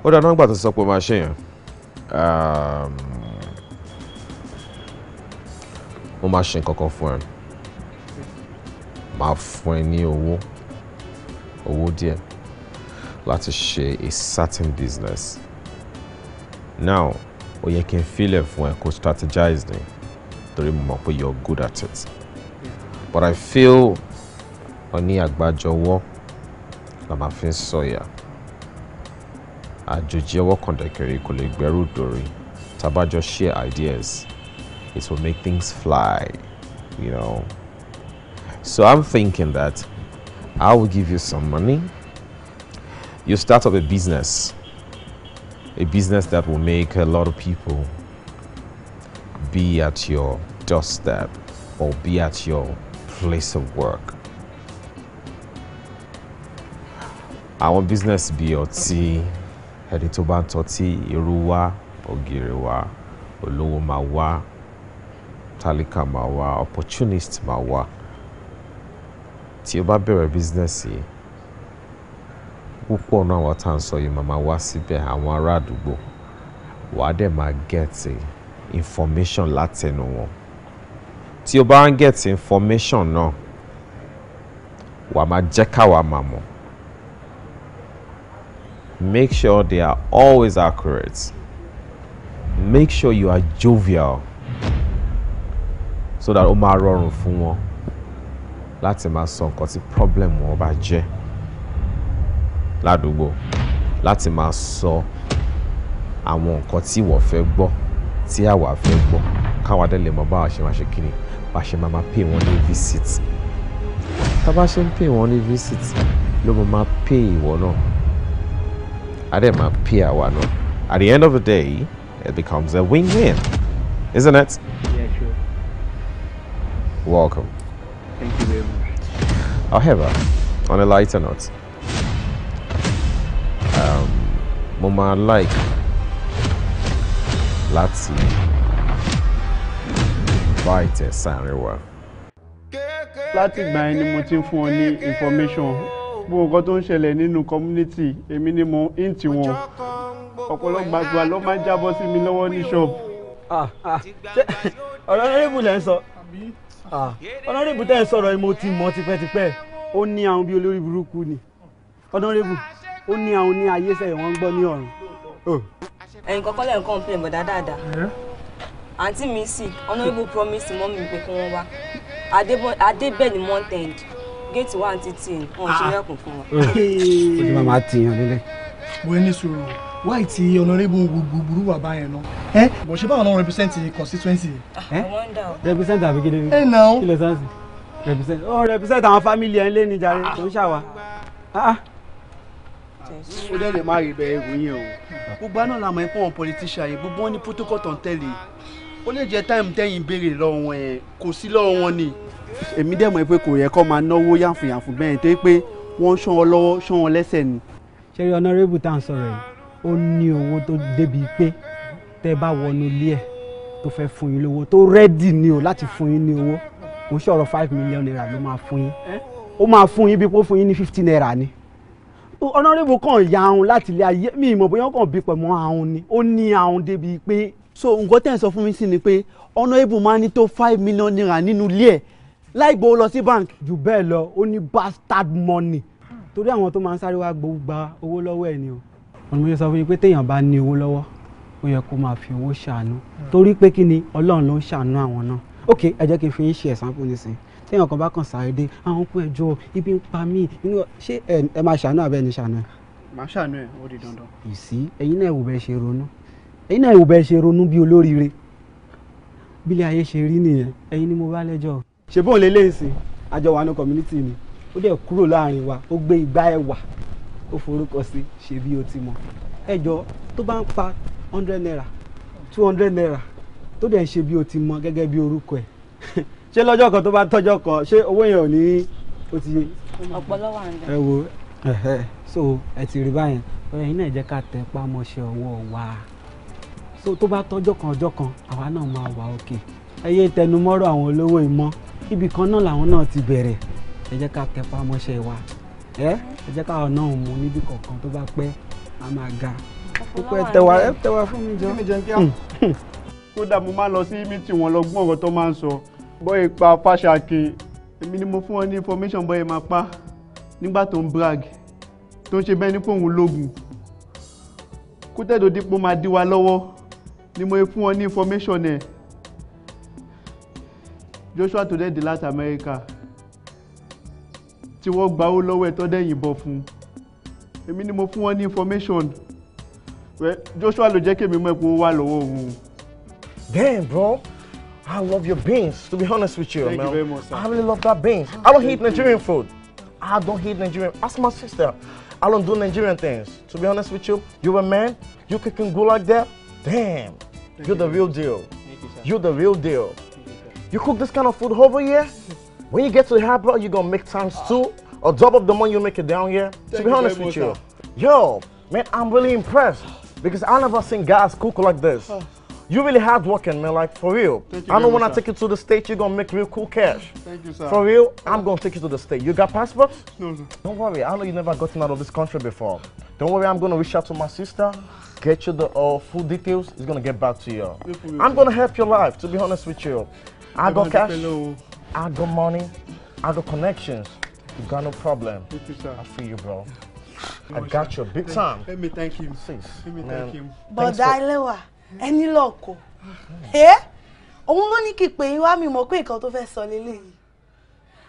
ó dáná nígbà tó sọ pé máa ṣe yẹn um, mo máa ṣe nǹkan kan fún ẹ máa fún ẹ ní owó owó díẹ̀ láti ṣe a certain business now ó yẹ kí n feel ẹ fún ẹ kó strategize ni torí mo mọ̀ pé you're good at it but I feel ọ ní àgbájọwọ́ la máa fi ń sọ̀yà àjòjì ọwọ́ kan dẹ̀kẹ̀rẹ̀ kò lè gbẹ́rù dòrí tabajọ share ideas it will make things fly you know so I'm thinking that I will give you some money you start up a business a business that will make a lot of people be at your doorstep or be at your place of work. Àwọn business bí ọtí, ẹni tó bá ń tọ́tí mawa wa, ògiri opportunist mawa wá. Tí o bá bẹ̀rẹ̀ business yìí, púpọ̀ náà àwọn tá ń sọ yìí máa wá síbẹ̀ àwọn ará àdúgbò wà á dẹ̀ máa gẹ̀ẹ́tì information látẹnu wọn tí o bá ń gẹ̀ẹ́tì information náà wà á máa jẹ́ káwa máa mọ̀ make sure they are always accurate make sure you are jovial so that ó máa rọrùn fún wọn láti máa sọ nǹkan tí problem wọn bá jẹ́ ládùúgbò láti máa sọ àwọn nǹkan tí ìwọ fẹ́ gbọ́ tí àwa fẹ́ gbọ́ káwa dẹ̀ lè mọ báwa ṣe máa ṣe kíni bá ṣe máa máa pay wọ́n ní visit tá a bá ṣe ń pay wọ́n ní visit ló mọ máa pay ìwọ náà a dẹ̀ máa pay àwa náà at the end of the day it becomes a win-win isn't it? Yeah, sure. Welcome. Thank you very much. However, on a lighter note, um, mo máa like láti invite ẹ sáàrin wa. láti ìgbà yẹn ni mo ti ń fún ọ ní information gbogbo nǹkan tó ń ṣẹlẹ̀ nínú community èmi ni mo ń tì wọ́n ọ̀pọ̀lọpọ̀ àgbà ló máa ń jábọ́ sí mi lọ́wọ́ ní ṣọ́ọ̀bù. ọ̀rọ̀ ẹ̀rẹ́bù lẹ́ ń sọ ọ̀nàrẹ́bù ah, tẹ́ ń sọ̀rọ̀ ni mo ti mọ̀ tipẹ́tipẹ́ ó ní àwọn bíi olórí burúkú ni ọ̀nàrẹ́bù ó ní àwọn ní ayé sẹ́yìn wọ́n ń gbọ́ ní ọ̀run. Oh. ẹ̀yin kọ́kọ́ lẹ́yìn kan pè bọ̀dá dáadáa àǹtí eh? mi sì honourable promise mọ́ mi pé kí wọ́n wá adébẹ̀ni mountain géètì wà àǹtí tì ń hàn ṣílẹ̀kùn fún wa. Eh. Eh. ó ti máa máa tìyàn nílẹ̀. wọ́n ní sọ̀rọ̀ wáì tí honourable gbogbogbòrú wà báyẹn lọ. ẹ bọ̀ ṣé báwọn náà represent constituency. ẹ ah, represent àbígídé mi kí lè sáà sí represent ó oh, represent àwọn family ẹ̀ ń lé ní jàre ah. kò ń ṣàwà. Ah, ó dẹ̀ lè má rí bẹ́ẹ̀ wò yẹn o. gbogbo àná làmọ́ ẹ̀ pọ̀ wọn politician yìí gbogbo wọn ní protocol tó ń tẹ̀lé ó lè jẹ́ táìmù tẹ́yìn béèrè lọ́wọ́ wọn kò sí lọ́wọ́ ni. èmi dẹ̀ mọ̀ pé kò yẹ kó máa náwó yànfùyànfù bẹ́ẹ̀ tó pé wọ́n ṣán ọ lọ́wọ́ ṣán ọ lẹ́sẹ̀ ni. ṣé rí ọ̀nàrẹ́bù tá à ń sọ̀rọ̀ yìí ó ní owó tó débi pé tẹ́ bá wọnú ilé ẹ̀ tó fẹ́ fún yín lówó tó rẹ́dì ni o láti fún yín ní owó kò ń five million naira ló máa fún yín ó máa fún yín bí pé ó fún yín ní fifty naira ni ọ̀nàrẹ́bù kàn ya ahun láti ilé ayé mi ìmọ̀ bóyá kàn bí pẹ̀mọ́ ahun ni ó ní ahun débi pé. so nǹkan tẹ̀ ń sọ fún mi sí ni pé ọ̀nàrẹ́bù máa ní tó five million naira nínú ilé ẹ̀ láì gbowó lọ sí bank. jù bẹ́ẹ̀ lọ ó ní bastard money hmm. torí àwọn tó máa ń sáré wá gbowó gba owó lọ́wọ́ ẹ̀ ni o. ọ̀nà mo yẹ sọ fún yín pé téèyàn bá ní owó lọ́wọ́ ó yẹ kó máa fi owó ṣàánú hmm. torí pé kí ni ọlọ́run ló ń ṣàánú àwọn náà ok ẹ jẹ́ kí n fi yín ṣe example nísìnyí téèyàn kan bá kàn sáré àwọn kú ẹjọ́ ibi ń pa mí ṣé ẹ máa ṣàánú àbẹ́ ṣàánú ẹ. màá ṣàánú ẹ ó di dandan. you see ẹ̀yin náà ìwò bẹ́ẹ̀ ṣe ronú ẹ̀yin náà ìwò bẹ́ẹ̀ ṣe ronú bí olóríire bílẹ̀ ayé ṣe rí nìyẹn ẹ̀yin ni mo bá lẹ́jọ́. ṣe bóun lè léèsì àjọ wa ní community ni ó dẹ̀ kúrò láàrin wa ó gbé igbá ẹwà ó forúkọ sí ṣe bí o ti mọ ẹjọ́ tó bá ń pa hundred naira two hundred naira tó dẹ̀ ń ṣe bí o ti mọ gẹ́gẹ́ bí orúkọ ẹ̀ ṣé lọ́jọ́ kan tó bá tọ́jọ́ kan ṣé owó yẹn ò ní o ti. ọ̀pọ̀lọ́ wà ń bẹ̀. ẹ wo so ẹ ti rí báyẹn ọ̀rẹ́ yìí náà jẹ́ ká tẹ pámọ́ṣẹ́ ọwọ́ wa so tó bá tọ́jọ́ kan ọjọ́ kan àwa náà máa wà òkè ẹ yé tẹnumọ́rọ̀ àwọn olówó ìmọ̀ ibì kan náà làwọn náà ti bẹ̀rẹ̀ ẹ jẹ́ ká tẹ pámọ́ṣẹ́ wa ẹ ẹ jẹ́ ká ọ̀nà òun mú níbì kọ̀ọ̀kan tó bá pẹ́ a máa ga púpọ̀ ẹ tẹwa ẹ tẹwa fún mi jẹun. kódà mo máa lọ sí mítì wọn lọ gbọ́n ọ̀rọ̀ tó máa ń sọ bọ́yì pa Fáṣàkè èmi ni mo fún wọn ní information bọ́yì máa pa nígbà tó ń brag tó ń ṣe bẹ́ẹ̀ ní pòun lógun kó tẹ̀dọ̀ dípò máa dí wa lọ́wọ́ ni mo fún wọn ní information ẹ̀ Joshua tó dẹ̀ dé láti Amẹ́ríkà tí wọ́n gbawó lọ́wọ́ ẹ̀ tó dẹ̀ yìnbọn fún un èmi ni mo fún wọn ní information Joshua ló jẹ́ kí èmi mọ̀ pé ó wà lọ́wọ́ òun. damn bro. I love your beans, to be honest with you, Thank man. you very much, sir. I really love that beans. I don't hate Nigerian you. food. I don't hate Nigerian. Ask my sister. I don't do Nigerian things. To be honest with you, you a man, you cooking good like that. Damn, Thank you're you, the real deal. You, are the real deal. You, you, cook this kind of food over here? when you get to the harbor, you're gonna make times ah. two or double the money you make it down here. Thank to be honest with you. Sir. Yo, man, I'm really impressed because I never seen guys cook like this. Ah. You really hard working, man. Like for real. Thank you I know when I take you to the state, you're gonna make real cool cash. Thank you, sir. For real, I'm gonna take you to the state. You got passport? No, sir. Don't worry. I know you never gotten out of this country before. Don't worry. I'm gonna reach out to my sister, get you the uh, full details. It's gonna get back to you. I'm gonna help your life. To be honest with you, I got cash. I got money. I got connections. You got no problem. Thank you, sir. I feel you, bro. I got you big time. Let me thank him. Please. Let me thank him. But Dailewa ẹni lọ́kọ̀ ah. ẹ́ òun ló ní kí pé yín wá mi mọ̀ pé nǹkan tó fẹ́ sọ lélẹ́yìí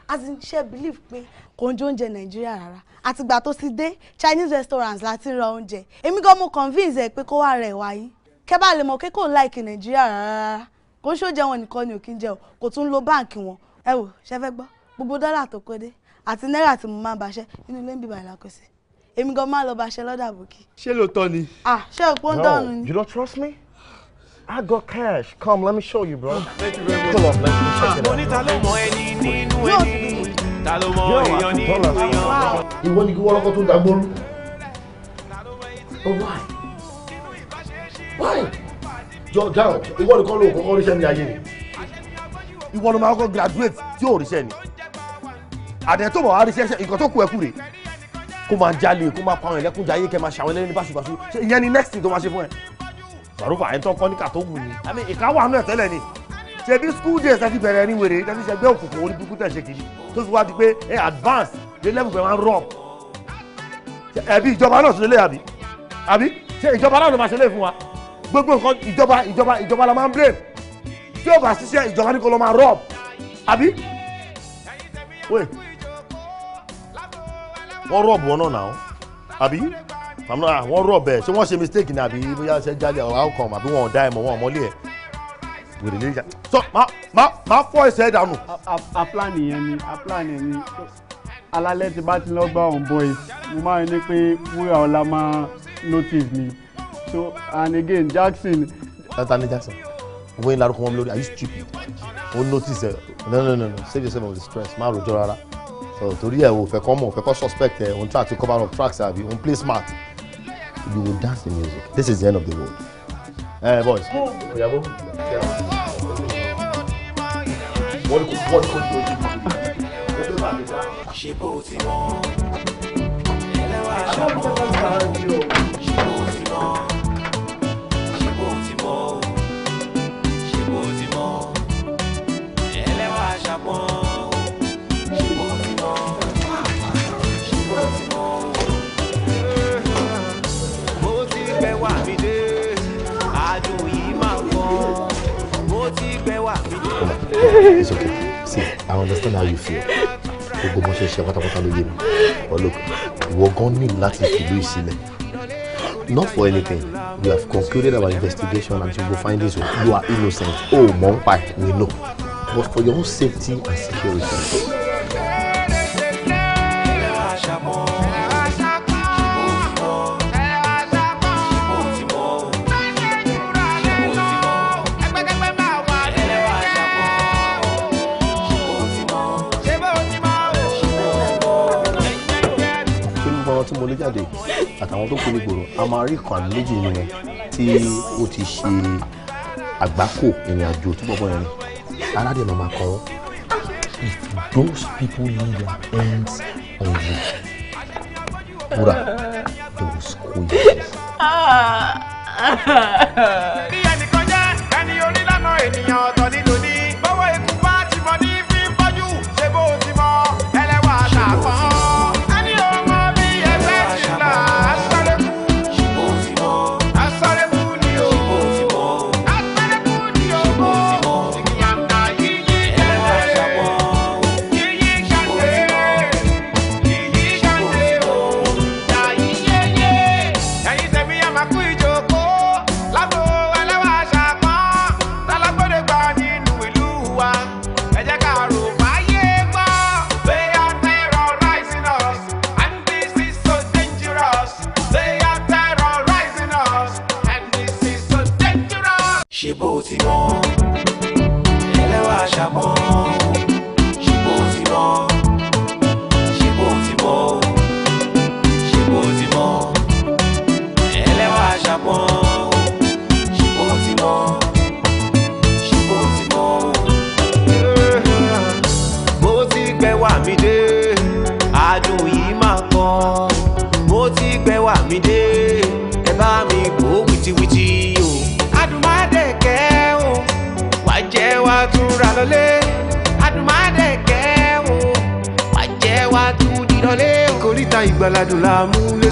as in ṣe believe pé kò ń jẹ oúnjẹ nàìjíríà rárá àtìgbà tó ti dé chinese restaurants láti ra oúnjẹ èmi gan mo convince ẹ pé kó wá rẹ̀ wáyé kẹ́ bá lè mọ̀ pé kò like nàìjíríà rárá kò ń ṣoúnjẹ wọn nìkan ni ò kí ń jẹ o kò tún lo báǹkì wọn ẹ wò ṣe fẹ́ gbọ́ gbogbo dọ́là tó kó dé àti náírà tí mo máa ń baṣẹ́ inú ilé ń bìbà ìlàkọ sí èmi gan máa lọ baṣẹ́ lọ́dà bòkì. ṣé lóòótọ́ ni. ah ṣé òpó ń dọ̀rùn ni. you don't trust me. I got cash. Come, let me show you, bro. Oh, thank you very much. Pull up, me ah, check it out. Money ta ló mọ ẹni nínú ẹni. Ta oh, why? Why? Jọ dáhùn, ìwọ nìkan to kọ́kọ́ ríṣẹ́ You want to Ìwọ graduate tí ò ríṣẹ́ ni. Àdẹ tó bọ̀ wá ríṣẹ́ ṣe nǹkan tó kú ẹkú rè. Kó máa jalè, kó máa pa àwọn ẹlẹ́kùnjayé, kẹ́ máa ṣàwọn ẹlẹ́ni báṣubàṣu. Ìyẹn ni next thing tó máa ṣe fún ẹ jàrúfà ẹ̀ ń tán kọ́níkà tó wù ní ìka wà nù ẹ̀ tẹ́lẹ̀ ni ṣebí school days ẹ ti bẹ̀rẹ̀ ní wèrè ẹ ti ṣẹgbẹ́ òkùnkùn orí burúkú tẹ̀ ṣe kiri tó fi wá di pé ẹ advance dé level pẹ̀ máa ń rọ̀ ẹ̀bí ìjọba náà ṣe lé àbí àbí ṣe ìjọba náà ló máa ṣe lé fún wa gbogbo nǹkan ìjọba ìjọba ìjọba la máa ń blame tí ó bá ṣiṣẹ́ ìjọba ní kò ló máa wọ́n rọ̀ bẹ́ẹ̀ ṣé wọ́n ṣe mistake ni àbí bóyá ṣe jáde àwọn outcome àbí wọn ò dá ẹ̀ mọ̀ wọn ò mọ́lẹ̀ ẹ̀ wèrè lè jà so ma ma ẹsẹ̀ dànù. apla nìyẹn ni apla nìyẹn ni alalẹ ti bá ti lọ gba on boys mo máa ní pé wúrà ọlá máa notice mi so and again Jackson. tata ni Jackson wọ́n yín larúkọ wọn lórí are you stupid ó notice ẹ no no no no save yourself of the stress má rojọ́ rárá so torí ẹ ò fẹ́ kọ́ mọ̀ ò fẹ́ kọ́ suspect ẹ òun try to cover up tracks àbí òun play smart you will dance the music. This is the end of the road. Eh, uh, boys. Oyabo. Bọ́ọ̀lù kò bọ́ọ̀lù kò tó ojú. It's okay. See, I understand how you feel. Gbogbo bó ṣe ṣe pátápátá ló yé mi. But look, ìwọ gan ní láti fìlú ìsílẹ̀. Not for anything. We have concluded our investigation and we will find this one. You are innocent. Oh, mọ̀ ń pa ẹ̀, we know. But for your own safety and security. ló jáde àtàwọn tó kú ní gbòòrò a kan méjì nínú wọn tí ó ti ṣe àgbákò ìrìn àjò tó bọ̀ bọ̀yẹn aládé màmá kọ́rọ́ if those people need their hands on you kúrà they will school you. bí ẹnì kan jẹ́ ẹni orí ènìyàn ọ̀tọ̀ nínú ní. amor.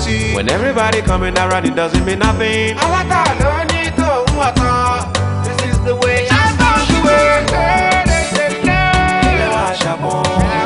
sí. When everybody coming around it doesn't mean nothing. Awátá ló ní tòun This is the way I stand the way.